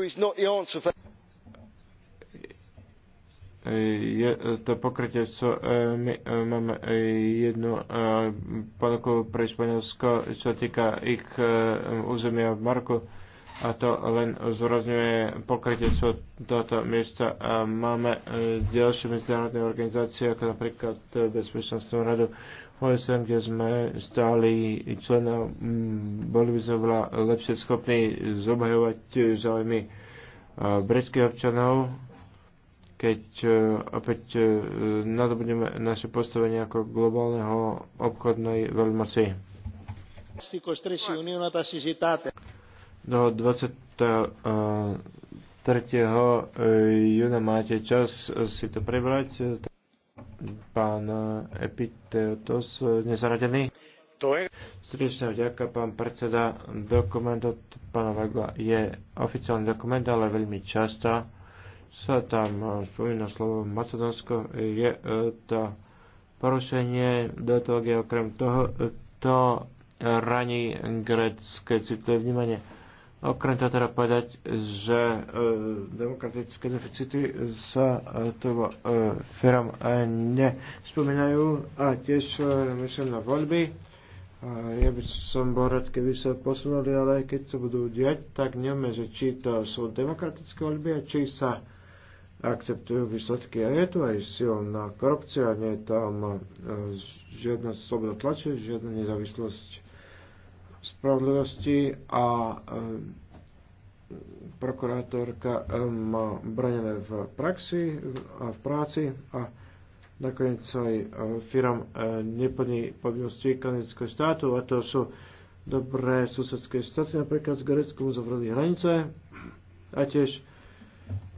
je e, to pokrytie, co e, My e, máme jednu ponuku pre Španielsko, čo týka ich územia v Marku a to len pokrytie, pokrytectvo toto miesta. A máme ďalšie medzinárodné organizácie, ako napríklad Bezpečnostnú radu OSN, kde sme stáli členov, boli by sme veľa lepšie schopní zobhajovať záujmy britských občanov keď e, opäť e, nadobudeme naše postavenie ako globálneho obchodnej veľmoci. Do 23. E, júna máte čas si to prebrať. Pán Epiteotos, nezaradený. To je... Srdečná vďaka, pán predseda. Dokument od pána Vagla je oficiálny dokument, ale veľmi často sa tam e, spomína slovo Macedonsko, je e, to porušenie datológie. Okrem toho, e, to raní grecké citlivé vnímanie. Okrem toho teda povedať, že e, demokratické deficity sa e, tu e, firm e, nespomínajú a tiež e, myslím na voľby. E, ja by som bol rád, keby sa posunuli, ale keď sa budú diať, tak nevieme, že či to sú demokratické voľby a či sa e, akceptujú výsledky. A je tu aj silná korupcia, nie je tam e, žiadna sloboda tlače, žiadna nezávislosť spravodlivosti a e, prokurátorka e, má branené v praxi a v práci a nakoniec aj firm neplní povinnosti kanadského štátu a to sú dobré susedské štáty, napríklad s Greckom uzavreli hranice a tiež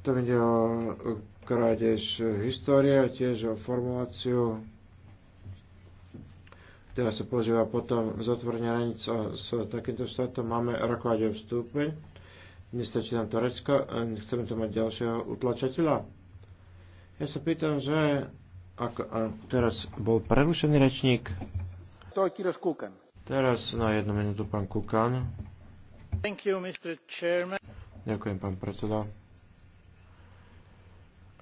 tam ide o e, krádež e, história, tiež o formuláciu, ktorá sa používa potom zatvorenie hranic s takýmto štátom. Máme rokovať o vstupe. Nestačí nám Turecko. E, chceme tu mať ďalšieho utlačateľa. Ja sa pýtam, že ako, a teraz bol prerušený rečník. To je Kiroš Kukan. Teraz na jednu minútu pán Kukan. Thank you, Mr. Chairman. Ďakujem, pán predseda.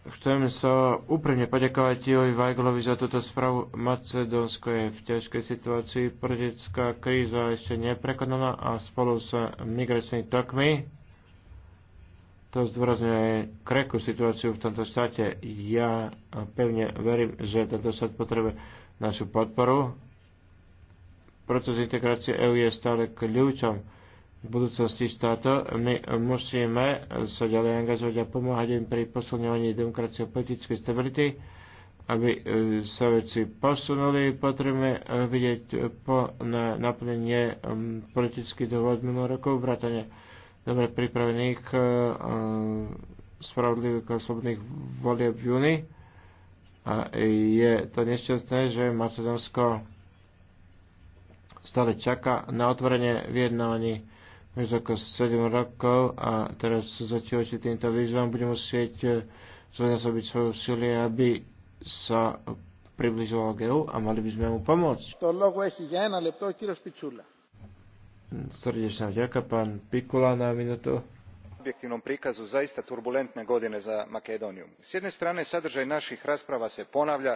Chcem sa úprimne poďakovať Jovi Vajglovi za túto spravu. Macedónsko je v ťažkej situácii, politická kríza ešte neprekonaná a spolu s migračnými tokmi to zdôrazňuje krehkú situáciu v tomto štáte. Ja pevne verím, že tento štát potrebuje našu podporu. Proces integrácie EU je stále kľúčom budúcnosti štátu. My musíme sa ďalej angažovať a pomáhať im pri posilňovaní demokracie a politickej stability, aby e, sa veci posunuli. Potrebujeme e, vidieť po na naplnenie politických dôvod minulého rokov vrátane dobre pripravených e, spravodlivých a slobodných volieb v júni. A je to nešťastné, že Macedónsko stále čaká na otvorenie vyjednávaní už ako 7 rokov a teraz zatiaľ voči týmto výzvam budem musieť eh, zvenasobiť svoje úsilie, aby sa približoval k EU a mali by sme mu pomôcť. Srdečná vďaka, pán Pikula na minútu objektívnom príkazu zaista turbulentné godine za Makedóniu. s jednej strane sadržaj našich rasprava se ponavlja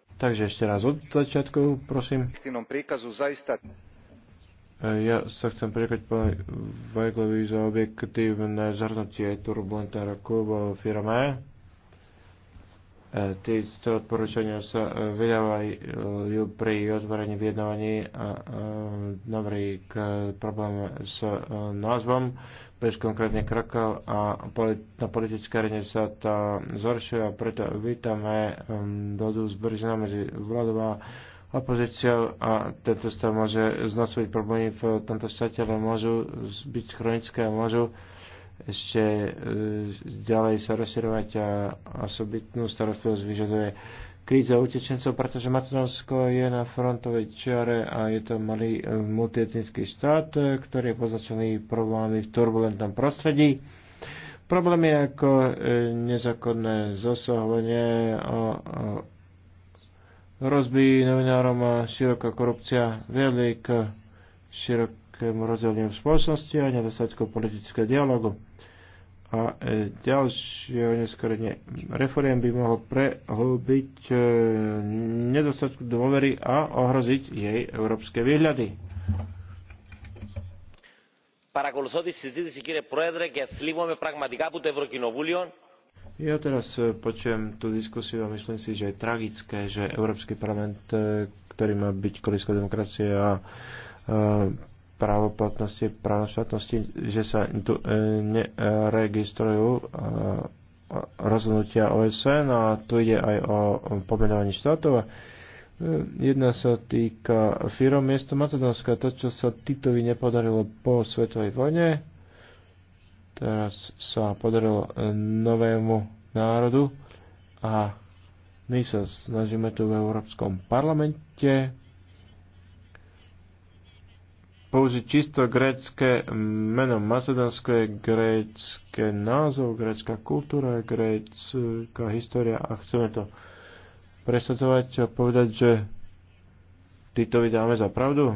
Takže ešte raz od začiatku, prosím. príkazu zaistať. E, ja sa chcem prekať pán Vajglovi za objektívne zhrnutie turbulentného roku vo firme. E, tieto odporúčania sa e, vydávajú pri otvorení vyjednávaní a návrhy k probléme s názvom príliš konkrétne krokov a na politické arene sa to zhoršuje a preto vítame um, dohodu zbržená Brzina medzi vládou a opozíciou a tento stav môže znásobiť problémy v tomto štáte, ale môžu byť chronické a môžu ešte e, ďalej sa rozširovať a osobitnú starostlivosť vyžaduje kríze utečencov, pretože Macedónsko je na frontovej čiare a je to malý eh, multietnický štát, eh, ktorý je poznačený problémami v turbulentnom prostredí. Problémy ako eh, nezákonné zasahovanie a rozby novinárom a široká korupcia viedli k širokému rozdeleniu v spoločnosti a nedostatku politického dialogu. A e, ďalšie oneskorenie reforiem by mohol prehlbiť e, nedostatku dôvery a ohroziť jej európske výhľady. Παρακολουθώ τη συζήτηση κύριε Πρόεδρε και θλίβομαι πραγματικά το Ευρωκοινοβούλιο ja teraz počujem tú diskusiu a myslím si, že je tragické, že Európsky parlament, ktorý má byť kolisko demokracie a právoplatnosti, právoplatnosti, že sa tu e, neregistrujú e, rozhodnutia OSN a tu ide aj o pomenovaní štátov. E, jedna sa týka firom miesto Macedónska, to, čo sa Titovi nepodarilo po svetovej vojne, teraz sa podarilo novému národu a my sa snažíme tu v Európskom parlamente použiť čisto grécké meno. macedonské, je grécké názov, grécka kultúra, grécka história a chceme to presadzovať a povedať, že to vydáme za pravdu?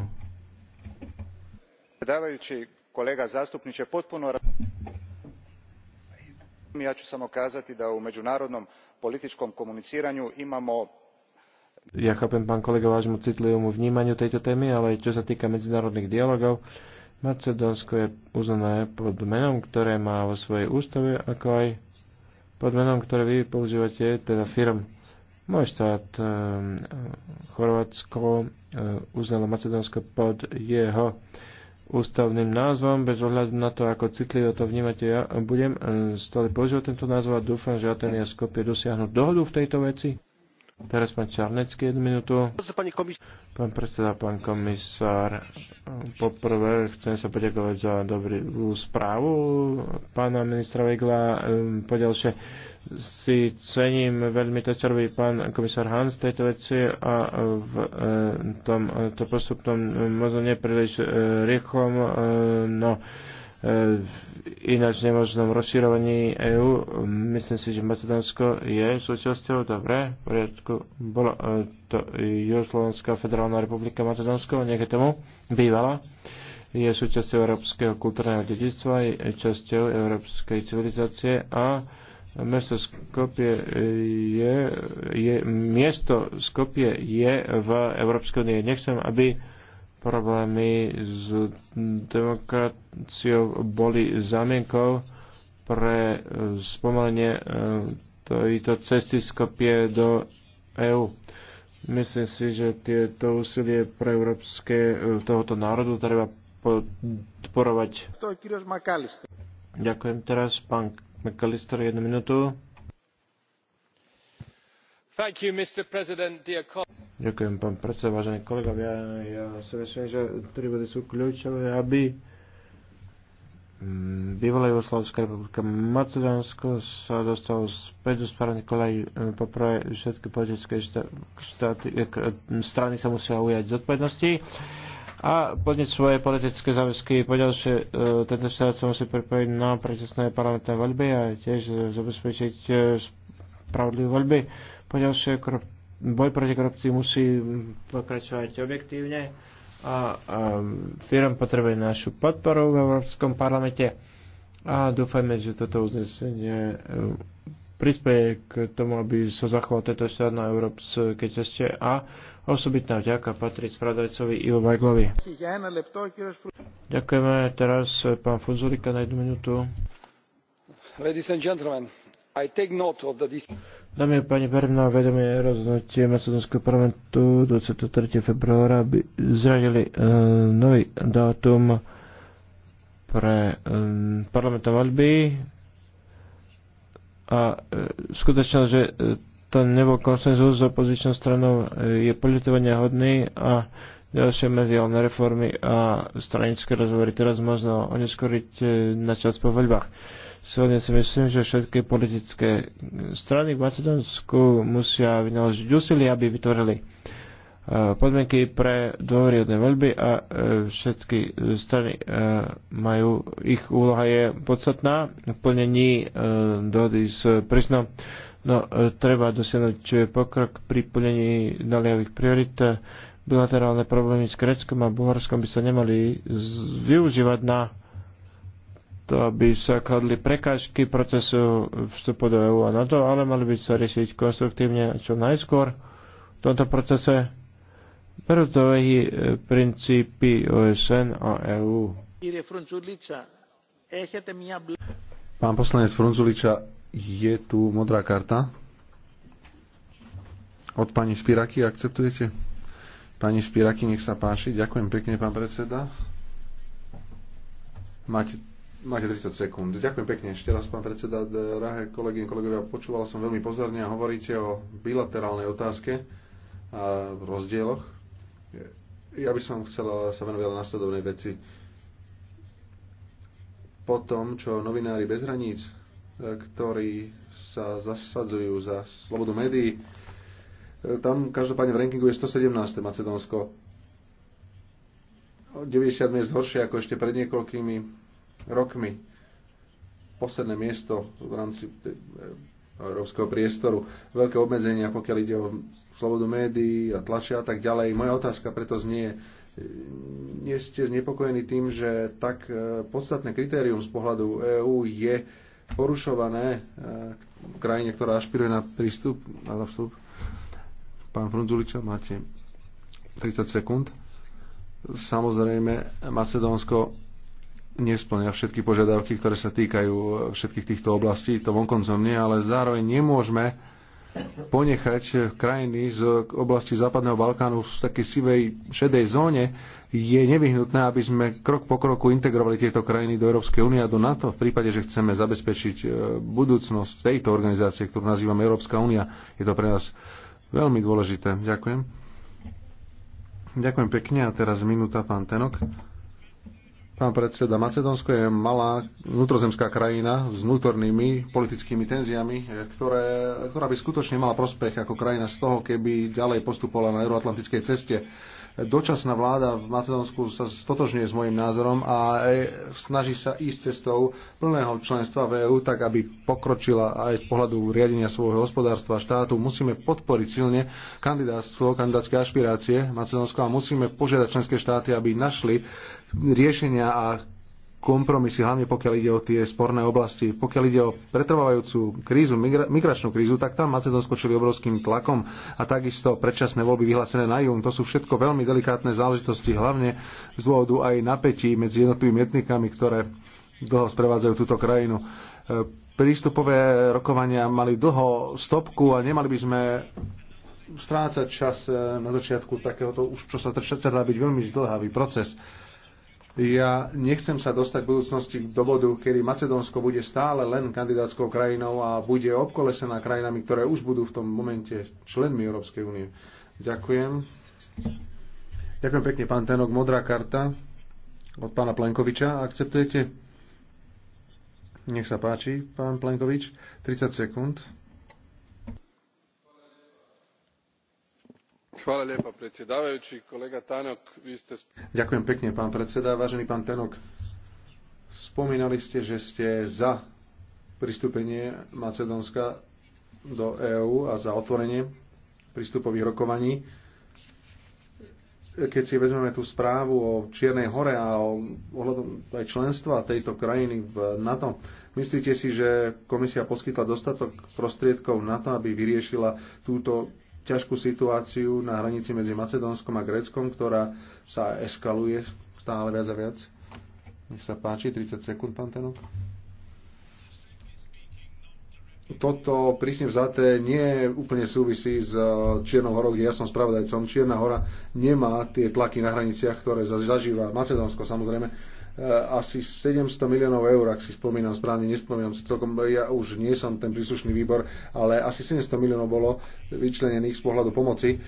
Predávajúci kolega zástupniče, potpuno ja ću samo kazati da u međunarodnom političkom komuniciranju imamo ja chápem, pán kolega, vášmu citlivému vnímaniu tejto témy, ale čo sa týka medzinárodných dialogov, Macedónsko je uznané pod menom, ktoré má vo svojej ústave, ako aj pod menom, ktoré vy používate, teda firm. Môj štát ehm, Chorvátsko ehm, uznalo Macedónsko pod jeho ústavným názvom, bez ohľadu na to, ako citlivo to vnímate, ja budem ehm, stále používať tento názov a dúfam, že Atenia Skopie dosiahnu dohodu v tejto veci. Teraz pán Čarnecký, jednu minútu. Pán predseda, pán komisár, poprvé chcem sa poďakovať za dobrú správu pána ministra Vegla. Ehm, Poďalšie si cením veľmi to, čo robí pán komisár Hans v tejto veci a v ehm, tom to postupnom možno nepríliš ehm, rýchlom, no E, ináč nemožnom rozširovaní EÚ. Myslím si, že Macedónsko je súčasťou, dobre, v poriadku. Bola e, to Juhoslovenská federálna republika Macedónsko, nejaké tomu bývala. Je súčasťou európskeho kultúrneho dedictva, je časťou európskej civilizácie a mesto Skopie e, je, je miesto Skopie je v Európskej únie. Nechcem, aby problémy s demokraciou boli zamienkou pre eh, spomalenie eh, tejto cesty z kopie do EÚ. Myslím si, že tieto úsilie pre európske eh, tohoto národu treba podporovať. Ďakujem teraz, pán McAllister, jednu minútu. Thank You, Mr. President, dear colleagues. Ďakujem, pán predseda, vážený kolega. Ja si myslím, že tri body sú kľúčové, aby mm, bývalá Jugoslavská republika Macedónsko sa dostalo späť do správne kolej. E, poprvé, všetky politické štáty, e, e, strany sa musia ujať zodpovednosti a podniť svoje politické záväzky. Poďalšie, tento štát sa musí pripojiť na predčasné parlamentné voľby a tiež zabezpečiť spravodlivé voľby. Poďalšie, krok boj proti korupcii musí pokračovať objektívne a, a firm potrebuje našu podporu v Európskom parlamente a dúfajme, že toto uznesenie eh, prispieje k tomu, aby sa zachoval tento štát na európskej ceste a osobitná vďaka patrí spravodajcovi Ivo Vajglovi. Ďakujeme teraz eh, pán Funzulika na jednu minútu. Ladies and gentlemen, Dámy a páni, berem na vedomie rozhodnutie Macedónskeho parlamentu 23. februára, aby zradili uh, nový dátum pre um, parlamentné voľby a uh, skutočnosť, že to nebol konsenzus s opozičnou stranou, je politovania hodný a ďalšie mediálne reformy a stranické rozhovory teraz možno oneskoriť na čas po voľbách Silne si myslím, že všetky politické strany v Macedónsku musia vynaložiť úsilie, aby vytvorili e, podmienky pre dôveryhodné voľby a e, všetky strany e, majú, ich úloha je podstatná v plnení dohody s prísnom. No, treba dosiahnuť pokrok pri plnení naliavých priorit. Bilaterálne problémy s Greckom a Bulharskom by sa nemali využívať na to, aby sa kladli prekážky procesu vstupu do EÚ a NATO, ale mali by sa riešiť konstruktívne čo najskôr v tomto procese berú do vehy e, princípy OSN a EÚ. Pán poslanec Frunzuliča, je tu modrá karta od pani Spiraky, akceptujete? Pani Spiraky, nech sa páči. Ďakujem pekne, pán predseda. Máte Máte 30 sekúnd. Ďakujem pekne ešte raz, pán predseda. Drahé kolegyne, kolegovia, počúval som veľmi pozorne a hovoríte o bilaterálnej otázke a rozdieloch. Ja by som chcela sa venovať následovnej veci. Po tom, čo novinári bez hraníc, e, ktorí sa zasadzujú za slobodu médií, e, tam každopádne v rankingu je 117. Macedónsko. 90 miest horšie ako ešte pred niekoľkými rokmi posledné miesto v rámci e, európskeho priestoru, veľké obmedzenia, pokiaľ ide o slobodu médií a tlačia a tak ďalej. Moja otázka preto znie, e, nie ste znepokojení tým, že tak e, podstatné kritérium z pohľadu EÚ je porušované v krajine, ktorá ašpiruje na prístup a na vstup. Pán Frunzuliča, máte 30 sekúnd. Samozrejme, Macedónsko nesplňa všetky požiadavky, ktoré sa týkajú e, všetkých týchto oblastí, to vonkoncom nie, ale zároveň nemôžeme ponechať e, krajiny z oblasti Západného Balkánu v takej sivej, šedej zóne, je nevyhnutné, aby sme krok po kroku integrovali tieto krajiny do Európskej únie a do NATO v prípade, že chceme zabezpečiť e, budúcnosť tejto organizácie, ktorú nazývame Európska únia. Je to pre nás veľmi dôležité. Ďakujem. Ďakujem pekne a teraz minúta pán Tenok. Pán predseda, Macedónsko je malá vnútrozemská krajina s vnútornými politickými tenziami, ktoré, ktorá by skutočne mala prospech ako krajina z toho, keby ďalej postupovala na euroatlantickej ceste. Dočasná vláda v Macedónsku sa stotožňuje s môjim názorom a e, snaží sa ísť cestou plného členstva v EÚ, tak aby pokročila aj z pohľadu riadenia svojho hospodárstva a štátu. Musíme podporiť silne kandidátstvo, kandidátske ašpirácie Macedónska a musíme požiadať členské štáty, aby našli riešenia a kompromisy, hlavne pokiaľ ide o tie sporné oblasti. Pokiaľ ide o pretrvávajúcu krízu, migra- migračnú krízu, tak tam Macedónsko čili obrovským tlakom a takisto predčasné voľby vyhlásené na jún. To sú všetko veľmi delikátne záležitosti, hlavne z dôvodu aj napätí medzi jednotlivými etnikami, ktoré dlho sprevádzajú túto krajinu. E, prístupové rokovania mali dlho stopku a nemali by sme strácať čas e, na začiatku takéhoto, už čo sa teda byť veľmi zdlhavý proces. Ja nechcem sa dostať v budúcnosti do bodu, kedy Macedónsko bude stále len kandidátskou krajinou a bude obkolesená krajinami, ktoré už budú v tom momente členmi Európskej únie. Ďakujem. Ďakujem pekne, pán Tenok. Modrá karta od pána Plenkoviča. Akceptujete? Nech sa páči, pán Plenkovič. 30 sekúnd. Ďakujem pekne, pán predseda. Vážený pán Tenok, spomínali ste, že ste za pristúpenie Macedónska do EÚ a za otvorenie prístupových rokovaní. Keď si vezmeme tú správu o Čiernej hore a o ohľadom aj členstva tejto krajiny v NATO, myslíte si, že komisia poskytla dostatok prostriedkov na to, aby vyriešila túto ťažkú situáciu na hranici medzi Macedónskom a Gréckom, ktorá sa eskaluje stále viac a viac. Nech sa páči, 30 sekúnd, pán Tenok. Toto prísne vzaté nie úplne súvisí s e, Čiernou horou, kde ja som spravodajcom. Čierna hora nemá tie tlaky na hraniciach, ktoré zažíva Macedónsko samozrejme Eh, asi 700 miliónov eur, ak si spomínam správne, nespomínam si celkom, ja už nie som ten príslušný výbor, ale asi 700 miliónov bolo vyčlenených z pohľadu pomoci. Eh,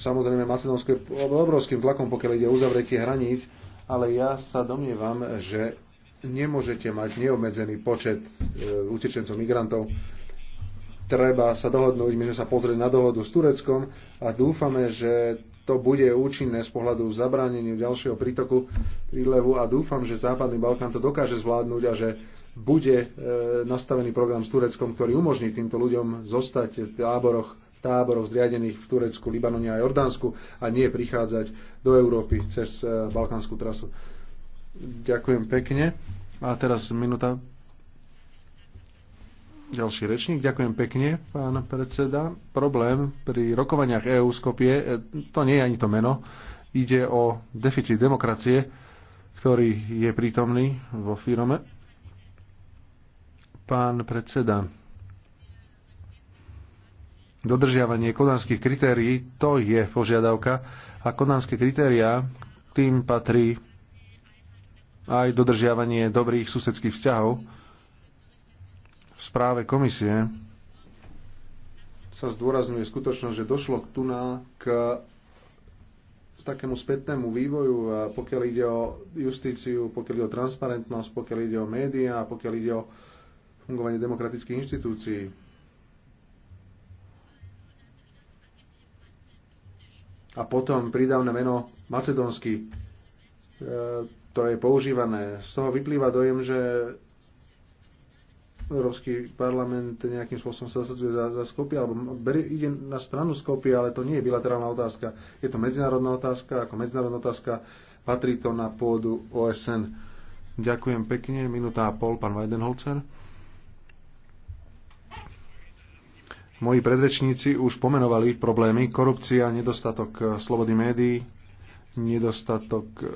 samozrejme, Macedónsko je obrovským tlakom, pokiaľ ide o uzavretie hraníc, ale ja sa domnievam, že nemôžete mať neobmedzený počet eh, utečencov, migrantov. Treba sa dohodnúť, my sme sa pozrieť na dohodu s Tureckom a dúfame, že to bude účinné z pohľadu zabráneniu ďalšieho prítoku prílevu a dúfam, že Západný Balkán to dokáže zvládnuť a že bude e, nastavený program s Tureckom, ktorý umožní týmto ľuďom zostať v táboroch, v táboroch zriadených v Turecku, Libanone a Jordánsku a nie prichádzať do Európy cez e, balkánsku trasu. Ďakujem pekne. A teraz minúta ďalší rečník. Ďakujem pekne, pán predseda. Problém pri rokovaniach EÚ Skopie, e, to nie je ani to meno, ide o deficit demokracie, ktorý je prítomný vo firme. Pán predseda, dodržiavanie kodanských kritérií, to je požiadavka a kodanské kritériá, tým patrí aj dodržiavanie dobrých susedských vzťahov, správe komisie sa zdôrazňuje skutočnosť, že došlo tu na k takému spätnému vývoju, pokiaľ ide o justíciu, pokiaľ ide o transparentnosť, pokiaľ ide o médiá, pokiaľ ide o fungovanie demokratických inštitúcií. A potom pridávne meno macedónsky, e, ktoré je používané. Z toho vyplýva dojem, že Európsky parlament nejakým spôsobom sa zasadzuje za, za Skopie, alebo berie, ide na stranu Skopie, ale to nie je bilaterálna otázka. Je to medzinárodná otázka, ako medzinárodná otázka patrí to na pôdu OSN. Ďakujem pekne, minúta a pol, pán Weidenholzer. Moji predrečníci už pomenovali problémy, korupcia, nedostatok eh, slobody médií, nedostatok eh,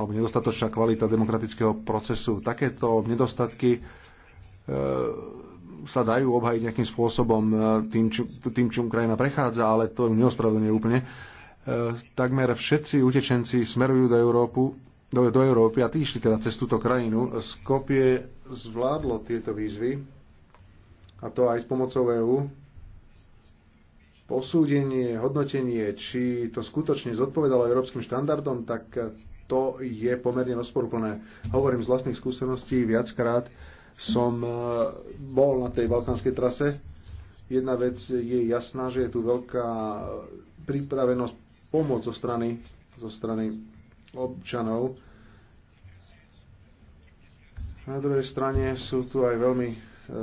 alebo nedostatočná kvalita demokratického procesu. Takéto nedostatky E, sa dajú obhajiť nejakým spôsobom e, tým, čo tým čo krajina prechádza, ale to im neospravedlňuje úplne. E, takmer všetci utečenci smerujú do Európu, do, do Európy a tí išli teda cez túto krajinu. Skopie zvládlo tieto výzvy a to aj s pomocou EÚ. Posúdenie, hodnotenie, či to skutočne zodpovedalo európskym štandardom, tak to je pomerne rozporuplné. Hovorím z vlastných skúseností viackrát som e, bol na tej balkánskej trase. Jedna vec je jasná, že je tu veľká pripravenosť pomoc zo strany, zo strany občanov. Na druhej strane sú tu aj veľmi e,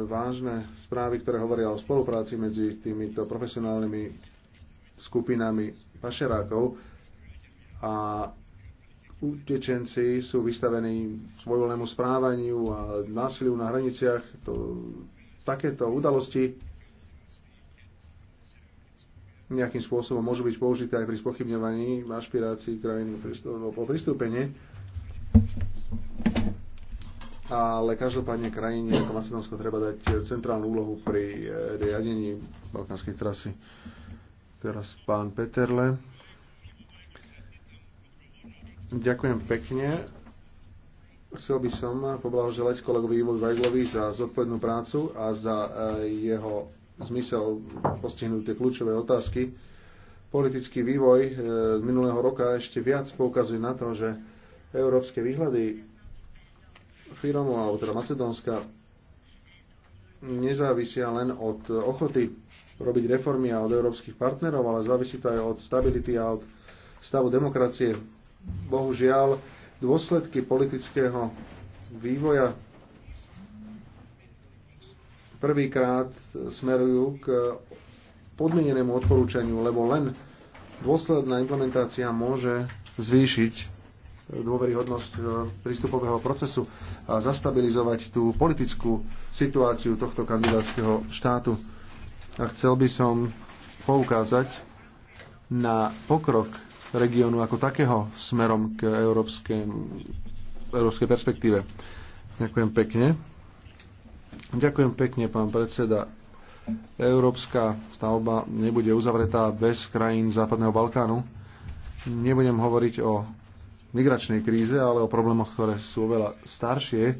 vážne správy, ktoré hovoria o spolupráci medzi týmito profesionálnymi skupinami pašerákov a utečenci sú vystavení svojvoľnému správaniu a násiliu na hraniciach. To, takéto udalosti nejakým spôsobom môžu byť použité aj pri spochybňovaní ašpirácií krajiny o pristúpenie. Ale každopádne krajine ako Macedónsko treba dať centrálnu úlohu pri eh, riadení balkánskej trasy. Teraz pán Peterle. Ďakujem pekne. Chcel by som poblahoželať kolegovi Ivo Vajglovi za zodpovednú prácu a za e, jeho zmysel postihnúť tie kľúčové otázky. Politický vývoj z e, minulého roka ešte viac poukazuje na to, že európske výhľady firmu, alebo teda Macedónska, nezávisia len od ochoty robiť reformy a od európskych partnerov, ale závisí to aj od stability a od stavu demokracie bohužiaľ dôsledky politického vývoja prvýkrát smerujú k podmienenému odporúčaniu, lebo len dôsledná implementácia môže zvýšiť dôveryhodnosť e, prístupového procesu a zastabilizovať tú politickú situáciu tohto kandidátskeho štátu. A chcel by som poukázať na pokrok regiónu ako takého smerom k európskej, európskej perspektíve. Ďakujem pekne. Ďakujem pekne, pán predseda. Európska stavba nebude uzavretá bez krajín Západného Balkánu. Nebudem hovoriť o migračnej kríze, ale o problémoch, ktoré sú oveľa staršie.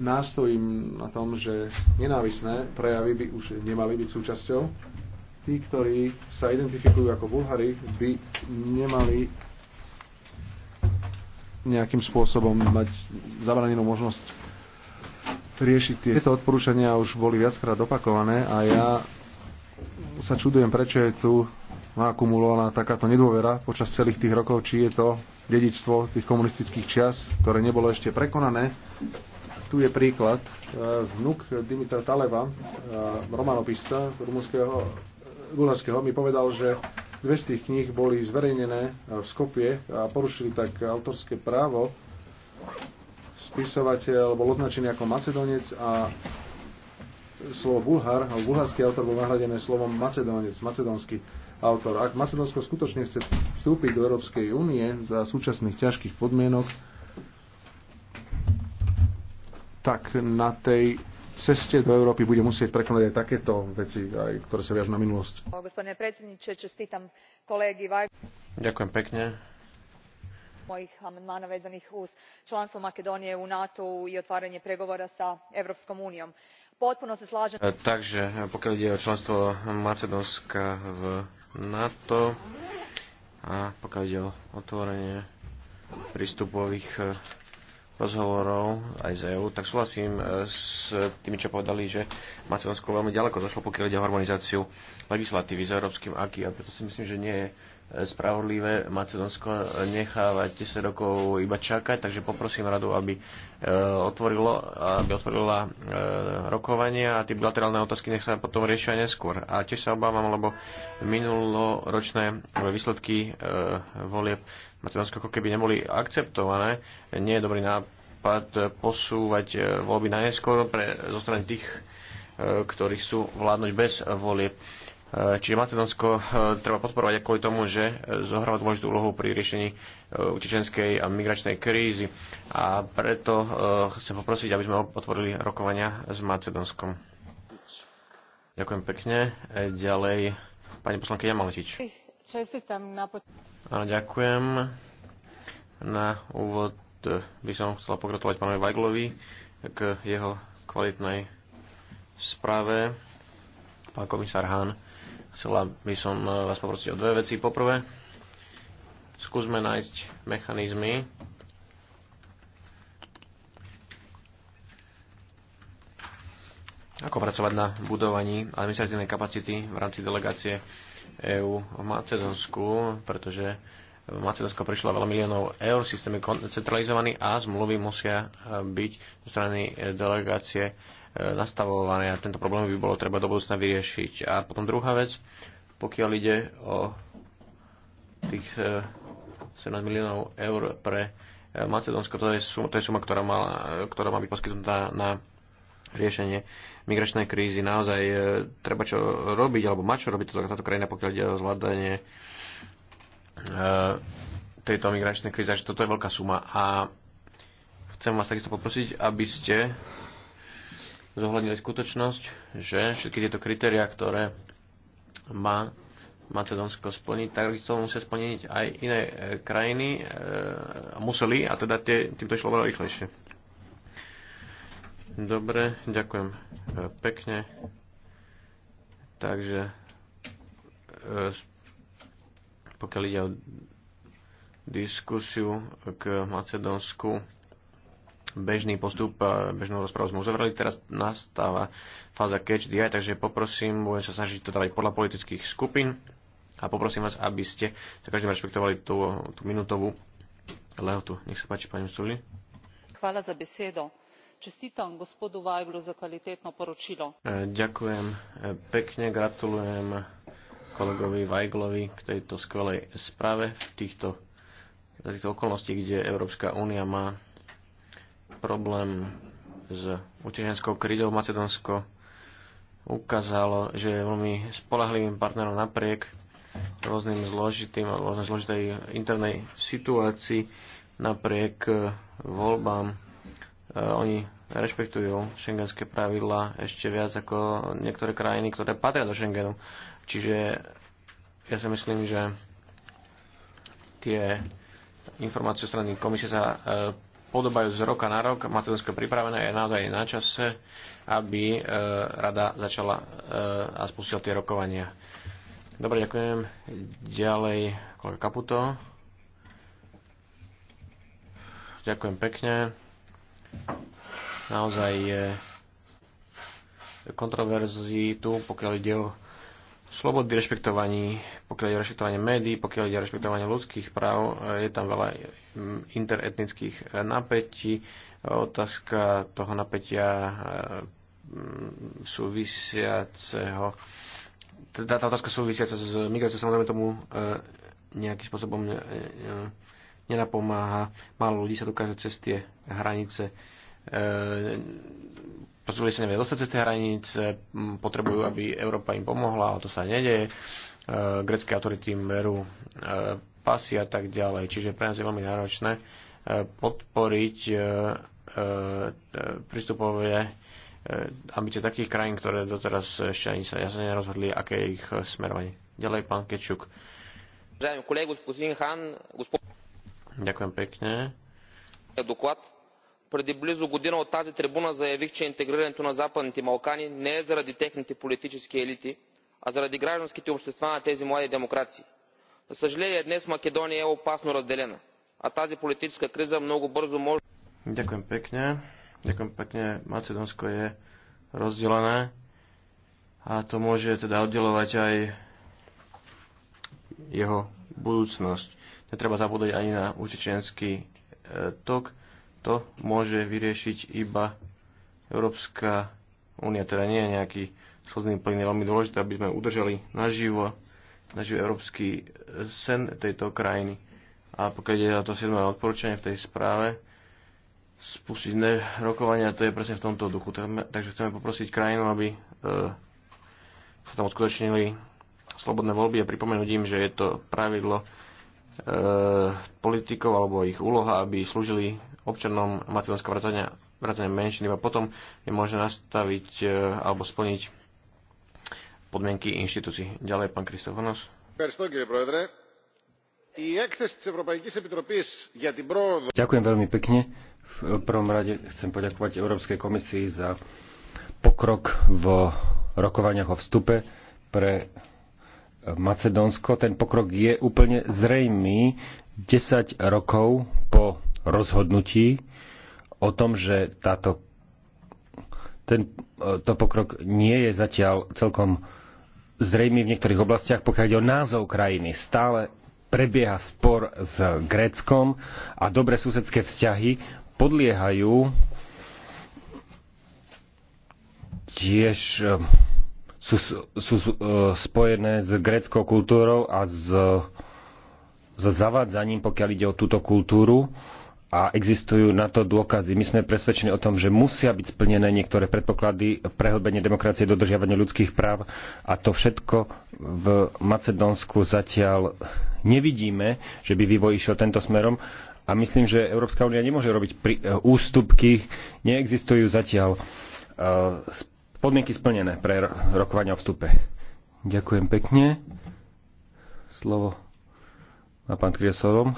Nástojím na tom, že nenávisné prejavy by už nemali byť súčasťou tí, ktorí sa identifikujú ako Bulhari, by nemali nejakým spôsobom mať zabranenú možnosť riešiť tie. Tieto odporúčania už boli viackrát opakované a ja sa čudujem, prečo je tu akumulovaná takáto nedôvera počas celých tých rokov, či je to dedičstvo tých komunistických čias, ktoré nebolo ešte prekonané. Tu je príklad. Eh, Vnuk Dimitra Taleva, eh, romanopisca rumúnskeho Bulharského mi povedal, že dve z tých kníh boli zverejnené v Skopie a porušili tak autorské právo. Spisovateľ eh, bol označený ako Macedonec a slovo Bulhar, alebo bulharský autor bol nahradené slovom Macedonec, macedónsky autor. Ak Macedónsko skutočne chce vstúpiť do Európskej únie za súčasných ťažkých podmienok, tak na tej ceste do Európy bude musieť prekonať aj takéto veci, aj, ktoré sa viažú na minulosť. Ďakujem pekne. Mojich amandmana vezaných uz članstvo Makedónie u NATO i otvaranje pregovora sa Európskom úniom. Potpuno sa slážem... E, takže e, pokiaľ ide o členstvo Macedónska v NATO a pokiaľ ide o otvorenie prístupových e, rozhovorov aj z EU, tak súhlasím e, s tými, čo povedali, že Macedónsko veľmi ďaleko zašlo, pokiaľ ide o harmonizáciu legislatívy s európskym aký a preto si myslím, že nie je spravodlivé Macedónsko nechávať 10 rokov iba čakať, takže poprosím radu, aby, e, otvorilo, aby otvorila e, rokovanie a tie bilaterálne otázky nech sa potom riešia neskôr. A tiež sa obávam, lebo minuloročné výsledky e, volieb Macedónsko ako keby neboli akceptované, nie je dobrý nápad posúvať voľby na neskôr pre, zo strany tých, ktorí sú vládnoť bez volieb. Čiže Macedónsko eh, treba podporovať aj kvôli tomu, že eh, zohráva dôležitú úlohu pri riešení eh, utečenskej a migračnej krízy. A preto chcem poprosiť, aby sme otvorili rokovania s Macedónskom. Ďakujem pekne. Ďalej pani poslankyňa Maletič. Áno, ďakujem. Na úvod by som chcela pogratulovať pánovi Vajglovi k jeho kvalitnej správe. Pán komisár Hahn Chcela by som e, vás poprosiť o dve veci. Poprvé, skúsme nájsť mechanizmy, ako pracovať na budovaní administratívnej kapacity v rámci delegácie EÚ v Macedónsku, pretože v Macedónsko prišlo veľa miliónov eur, systém je centralizovaný a zmluvy musia e, byť zo strany e, delegácie nastavované e, a tento problém by bolo treba do budúcna vyriešiť. A potom druhá vec, pokiaľ ide o tých 17 e, miliónov eur pre e, Macedónsko, to je suma, to je suma ktorá, má, ktorá má byť poskytnutá na riešenie migračnej krízy. Naozaj treba čo robiť, alebo má čo robiť táto krajina, pokiaľ ide o zvládanie tejto migračnej krízy, že toto je veľká suma. A chcem vás takisto poprosiť, aby ste zohľadnili skutočnosť, že všetky tieto kritéria, ktoré má Macedónsko splniť, takisto musia splniť aj iné e, krajiny, e, museli, a teda tie, týmto išlo veľa rýchlejšie. Dobre, ďakujem e, pekne. Takže, e, pokiaľ ide o diskusiu k Macedónsku, bežný postup, e, bežnú rozprávu sme uzavreli. Teraz nastáva fáza catch eye, takže poprosím, budem sa snažiť to dávať podľa politických skupín a poprosím vás, aby ste sa každým rešpektovali tú, tú minútovú lehotu. Nech sa páči, pani Suli. Hvala za besedo. Čestitam gospodu Vajglu za kvalitetno poročilo. E, ďakujem e, pekne, gratulujem kolegovi Vajglovi k tejto skvelej správe v týchto, týchto okolnosti, kde Európska únia má problém s utečenskou krídou Macedónsko ukázalo, že je veľmi spolahlivým partnerom napriek rôznym zložitým a rôznej zložitej internej situácii, napriek e, voľbám. E, oni rešpektujú šengenské pravidla ešte viac ako niektoré krajiny, ktoré patria do Schengenu. Čiže ja si myslím, že tie informácie strany komisie sa e, podobajú z roka na rok. Macedónsko pripravené je naozaj na čase, aby e, rada začala e, a spustila tie rokovania. Dobre, ďakujem. Ďalej kolega Kaputo. Ďakujem pekne. Naozaj je kontroverzí tu, pokiaľ ide o slobody, rešpektovaní, pokiaľ ide o rešpektovanie médií, pokiaľ ide o rešpektovanie ľudských práv, je tam veľa mm, interetnických eh, napätí. Otázka toho napätia eh, mm, súvisiaceho teda tá otázka súvisiaca s migráciou samozrejme tomu eh, nejakým spôsobom nenapomáha. Málo ľudí sa dokáže cez tie hranice potrebujú sa nevie dostať cez tie hranice, potrebujú, aby Európa im pomohla, ale to sa nedeje. E, grecké autority im berú e, pasy a tak ďalej. Čiže pre nás je veľmi náročné e, podporiť prístupové ambície takých krajín, ktoré doteraz ešte ani sa jasne nerozhodli, aké je ich smerovanie. Ďalej pán Kečuk. Ďakujem pekne преди близо година от тази трибуна заявих че интегрирането на западните балкани не е заради техните политически елити а заради гражданските общества на тези млади демокрации. за съжаление днес македония е опасно разделена а тази политическа криза много бързо може. Ďakujem pekne. Ďakujem pekne. Macedónsko je rozdelené a to môže teda oddelovať aj jeho budúcnosť. Netreba zabúdať ani na utečenský tok to môže vyriešiť iba Európska únia, teda nie je nejaký slzný plyn. Je veľmi dôležité, aby sme udržali naživo, naživo európsky sen tejto krajiny. A pokiaľ je to 7. odporúčanie v tej správe, spustiť rokovania, to je presne v tomto duchu. Takže chceme poprosiť krajinu, aby e, sa tam uskutočnili slobodné voľby a pripomenúť im, že je to pravidlo e, politikov alebo ich úloha, aby slúžili občanom Macedónska vrátania, vrátania menšiny, iba potom je možné nastaviť e, alebo splniť podmienky inštitúcií. Ďalej, pán Kristof Honos. Ďakujem veľmi pekne. V prvom rade chcem poďakovať Európskej komisii za pokrok v rokovaniach o vstupe pre Macedónsko. Ten pokrok je úplne zrejmý. 10 rokov po rozhodnutí o tom, že táto, tento pokrok nie je zatiaľ celkom zrejmý v niektorých oblastiach, pokiaľ ide o názov krajiny. Stále prebieha spor s Gréckom a dobre susedské vzťahy podliehajú tiež sú, sú, sú e, spojené s gréckou kultúrou a s, s zavádzaním, pokiaľ ide o túto kultúru a existujú na to dôkazy. My sme presvedčení o tom, že musia byť splnené niektoré predpoklady prehlbenie demokracie, dodržiavanie ľudských práv a to všetko v Macedónsku zatiaľ nevidíme, že by vývoj išiel tento smerom a myslím, že Európska únia nemôže robiť pri, e, ústupky, neexistujú zatiaľ e, podmienky splnené pre rokovania o vstupe. Ďakujem pekne. Slovo na pán Kriesovom.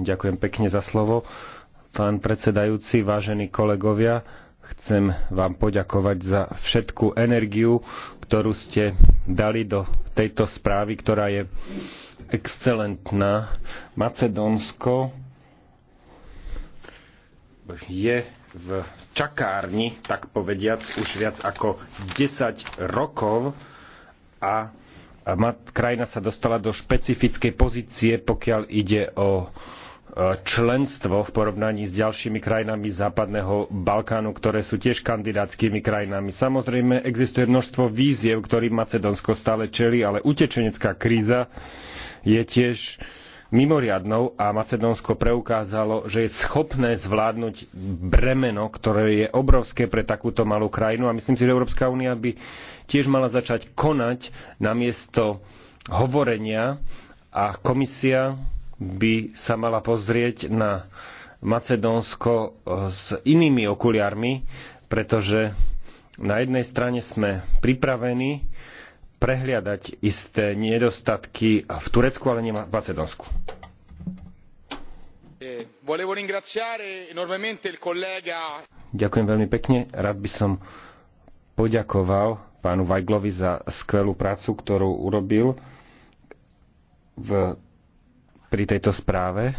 Ďakujem pekne za slovo. Pán predsedajúci, vážení kolegovia, chcem vám poďakovať za všetku energiu, ktorú ste dali do tejto správy, ktorá je excelentná. Macedónsko je v čakárni, tak povediac, už viac ako 10 rokov a krajina sa dostala do špecifickej pozície, pokiaľ ide o členstvo v porovnaní s ďalšími krajinami Západného Balkánu, ktoré sú tiež kandidátskymi krajinami. Samozrejme, existuje množstvo víziev, ktorým Macedónsko stále čelí, ale utečenecká kríza je tiež mimoriadnou a Macedónsko preukázalo, že je schopné zvládnuť bremeno, ktoré je obrovské pre takúto malú krajinu a myslím si, že Európska únia by tiež mala začať konať namiesto hovorenia a komisia by sa mala pozrieť na Macedónsko e, s inými okuliarmi, pretože na jednej strane sme pripravení prehliadať isté nedostatky v Turecku, ale nie v Macedónsku. Ďakujem veľmi pekne. Rád by som poďakoval pánu Vajglovi za skvelú prácu, ktorú urobil v pri tejto správe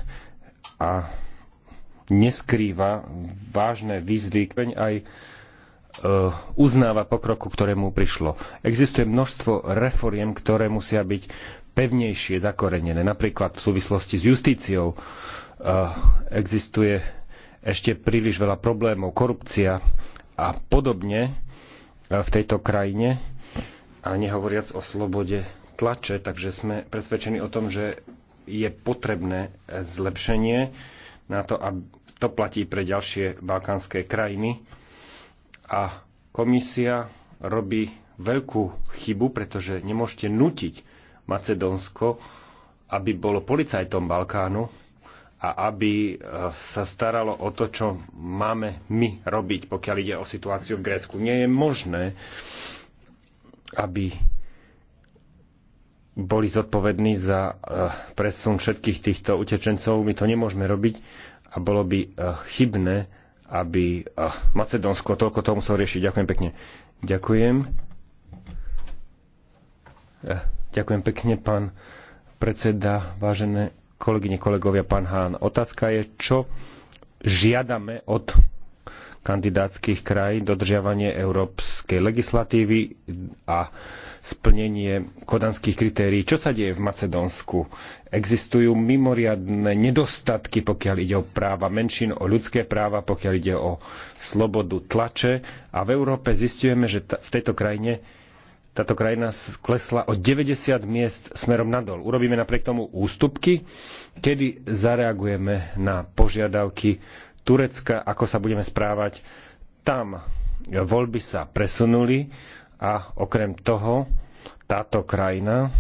a neskrýva vážne výzvy, aj e, uznáva pokroku, ktorému prišlo. Existuje množstvo reforiem, ktoré musia byť pevnejšie zakorenené. Napríklad v súvislosti s justíciou e, existuje ešte príliš veľa problémov, korupcia a podobne e, v tejto krajine a nehovoriac o slobode tlače, takže sme presvedčení o tom, že je potrebné zlepšenie na to, a to platí pre ďalšie balkánske krajiny. A komisia robí veľkú chybu, pretože nemôžete nutiť Macedónsko, aby bolo policajtom Balkánu a aby e, sa staralo o to, čo máme my robiť, pokiaľ ide o situáciu v Grécku. Nie je možné, aby boli zodpovední za e, presun všetkých týchto utečencov. My to nemôžeme robiť a bolo by e, chybné, aby e, Macedónsko toľko toho muselo riešiť. Ďakujem pekne. Ďakujem. Ďakujem pekne, pán predseda, vážené kolegyne, kolegovia, pán Hán. Otázka je, čo žiadame od kandidátskych krajín, dodržiavanie európskej legislatívy a splnenie kodanských kritérií. Čo sa deje v Macedónsku? Existujú mimoriadne nedostatky, pokiaľ ide o práva menšín, o ľudské práva, pokiaľ ide o slobodu tlače a v Európe zistujeme, že v tejto krajine táto krajina klesla o 90 miest smerom nadol. Urobíme napriek tomu ústupky, kedy zareagujeme na požiadavky Turecka, ako sa budeme správať tam. Voľby sa presunuli a okrem toho táto krajina,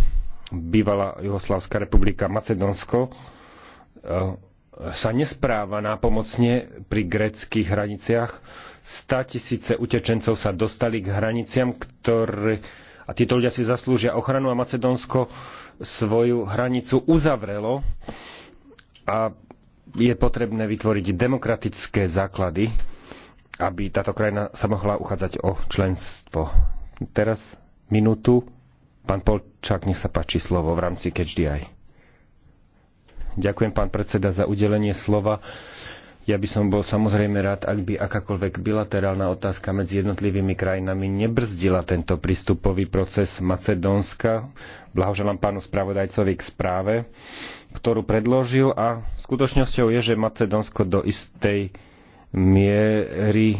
bývalá Jugoslavská republika Macedonsko, e, sa nespráva nápomocne pri greckých hraniciach. 100 tisíce utečencov sa dostali k hraniciam, ktoré a títo ľudia si zaslúžia ochranu a Macedónsko svoju hranicu uzavrelo a je potrebné vytvoriť demokratické základy, aby táto krajina sa mohla uchádzať o členstvo. Teraz minútu. Pán Polčák, nech sa páči slovo v rámci CatchDI. Ďakujem, pán predseda, za udelenie slova. Ja by som bol samozrejme rád, ak by akákoľvek bilaterálna otázka medzi jednotlivými krajinami nebrzdila tento prístupový proces Macedónska. Blahoželám pánu spravodajcovi k správe ktorú predložil a skutočnosťou je, že Macedónsko do istej miery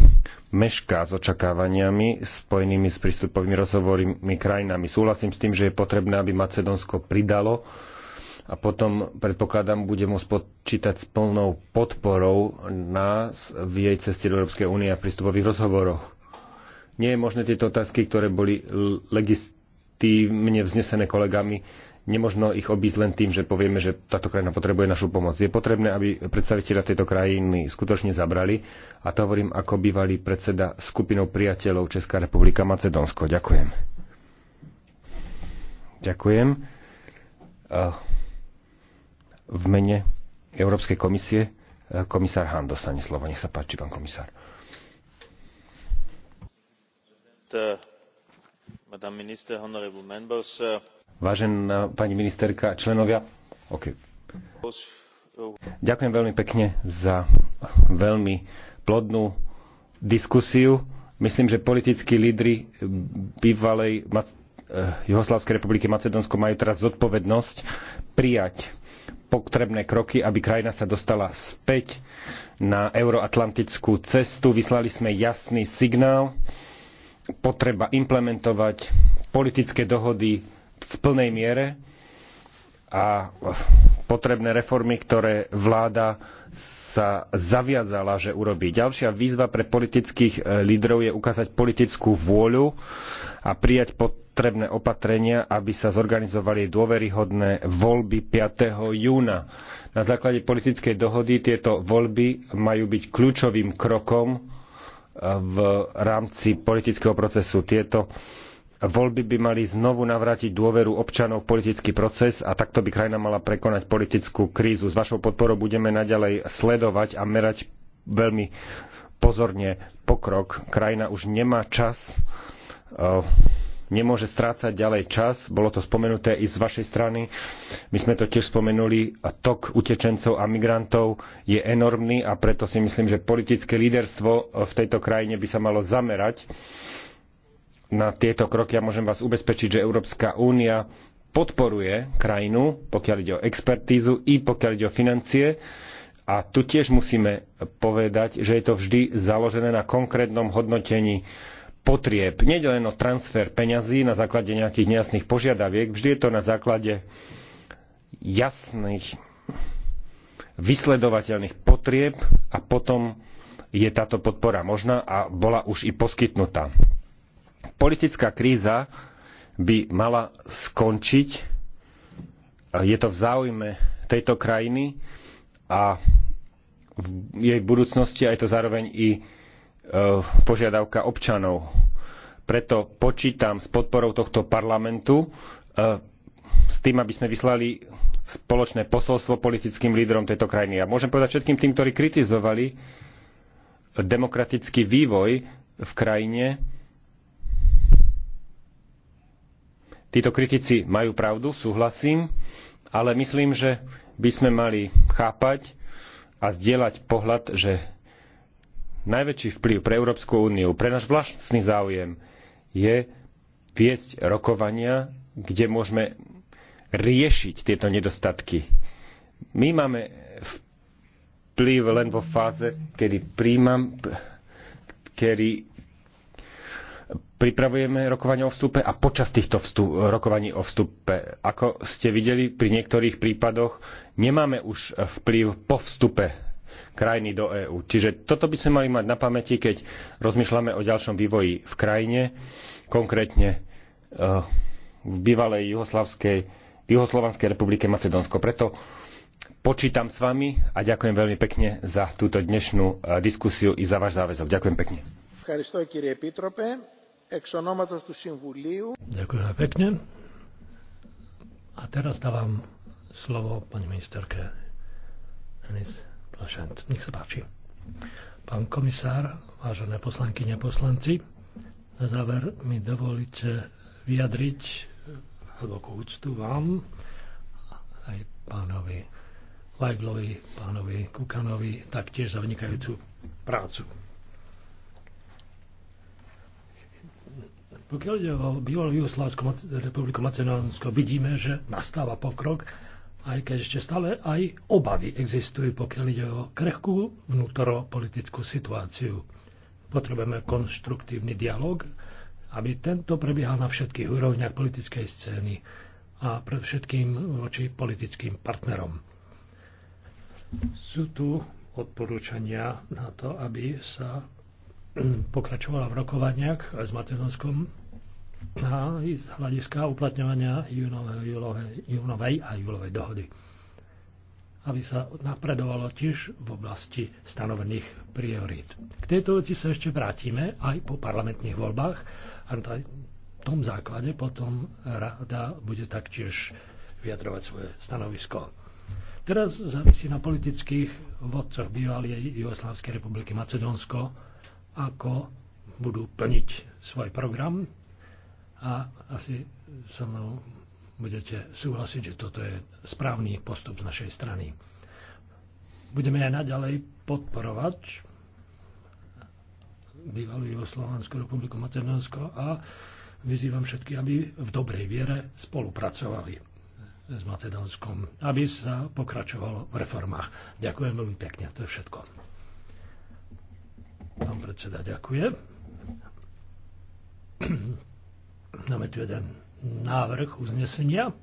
mešká s očakávaniami spojenými s prístupovými rozhovorými krajinami. Súhlasím s tým, že je potrebné, aby Macedónsko pridalo a potom, predpokladám, bude môcť počítať s plnou podporou nás v jej ceste do Európskej únie a prístupových rozhovoroch. Nie je možné tieto otázky, ktoré boli legistívne vznesené kolegami, nemožno ich obísť len tým, že povieme, že táto krajina potrebuje našu pomoc. Je potrebné, aby predstaviteľa tejto krajiny skutočne zabrali a to hovorím ako bývalý predseda skupinou priateľov Česká republika Macedónsko. Ďakujem. Ďakujem. V mene Európskej komisie e, komisár Han dostane slovo. Nech sa páči, pán komisár. E, madame minister, honorable members, uh, Vážená pani ministerka, členovia. Okay. Ďakujem veľmi pekne za veľmi plodnú diskusiu. Myslím, že politickí lídry bývalej eh, Juhoslavskej republiky Macedónsko majú teraz zodpovednosť prijať potrebné kroky, aby krajina sa dostala späť na euroatlantickú cestu. Vyslali sme jasný signál, potreba implementovať politické dohody v plnej miere a potrebné reformy, ktoré vláda sa zaviazala, že urobí. Ďalšia výzva pre politických e, lídrov je ukázať politickú vôľu a prijať potrebné opatrenia, aby sa zorganizovali dôveryhodné voľby 5. júna. Na základe politickej dohody tieto voľby majú byť kľúčovým krokom e, v rámci politického procesu. Tieto Voľby by mali znovu navrátiť dôveru občanov v politický proces a takto by krajina mala prekonať politickú krízu. S vašou podporou budeme naďalej sledovať a merať veľmi pozorne pokrok. Krajina už nemá čas, e, nemôže strácať ďalej čas. Bolo to spomenuté i z vašej strany. My sme to tiež spomenuli. Tok utečencov a migrantov je enormný a preto si myslím, že politické líderstvo v tejto krajine by sa malo zamerať na tieto kroky a môžem vás ubezpečiť, že Európska únia podporuje krajinu, pokiaľ ide o expertízu i pokiaľ ide o financie. A tu tiež musíme povedať, že je to vždy založené na konkrétnom hodnotení potrieb. Nede len o transfer peňazí na základe nejakých nejasných požiadaviek, vždy je to na základe jasných vysledovateľných potrieb a potom je táto podpora možná a bola už i poskytnutá politická kríza by mala skončiť. Je to v záujme tejto krajiny a v jej budúcnosti a je to zároveň i e, požiadavka občanov. Preto počítam s podporou tohto parlamentu e, s tým, aby sme vyslali spoločné posolstvo politickým lídrom tejto krajiny. A môžem povedať všetkým tým, ktorí kritizovali demokratický vývoj v krajine, Títo kritici majú pravdu, súhlasím, ale myslím, že by sme mali chápať a zdieľať pohľad, že najväčší vplyv pre Európsku úniu, pre náš vlastný záujem je viesť rokovania, kde môžeme riešiť tieto nedostatky. My máme vplyv len vo fáze, kedy príjmam, kedy pripravujeme rokovania o vstupe a počas týchto vstup, rokovaní o vstupe. Ako ste videli, pri niektorých prípadoch nemáme už vplyv po vstupe krajiny do EÚ. Čiže toto by sme mali mať na pamäti, keď rozmýšľame o ďalšom vývoji v krajine, konkrétne eh, v bývalej Jugoslavskej, Juhoslovanskej republike Macedónsko. Preto počítam s vami a ďakujem veľmi pekne za túto dnešnú eh, diskusiu i za váš záväzok. Ďakujem pekne. Ďakujem pekne. A teraz dávam slovo pani ministerke Enis Plašent. Nech sa páči. Pán komisár, vážené poslanky a poslanci, na záver mi dovolíte vyjadriť hlbokú úctu vám aj pánovi Weiglovi, pánovi Kukanovi, taktiež za vynikajúcu prácu. Pokiaľ ide o bývalú Jugoslávskú republiku Macedónsko, vidíme, že nastáva pokrok, aj keď ešte stále aj obavy existujú, pokiaľ ide o krehkú vnútoropolitickú situáciu. Potrebujeme konštruktívny dialog, aby tento prebiehal na všetkých úrovniach politickej scény a predovšetkým voči politickým partnerom. Sú tu odporúčania na to, aby sa pokračovala v rokovaniach s Macedónskom a no, z hľadiska uplatňovania júnovej, júlovej, júnovej a júlovej dohody aby sa napredovalo tiež v oblasti stanovených priorít. K tejto veci sa ešte vrátime aj po parlamentných voľbách a na tom základe potom rada bude taktiež vyjadrovať svoje stanovisko. Teraz závisí na politických vodcoch bývalej Jugoslávskej republiky Macedónsko, ako budú plniť svoj program a asi so mnou budete súhlasiť, že toto je správny postup z našej strany. Budeme aj naďalej podporovať bývalú Jugoslovanskú republiku Macedónsko a vyzývam všetky, aby v dobrej viere spolupracovali s Macedónskom, aby sa pokračovalo v reformách. Ďakujem veľmi pekne, to je všetko. Pán predseda, ďakujem. Máme tu jeden návrh uznesenia.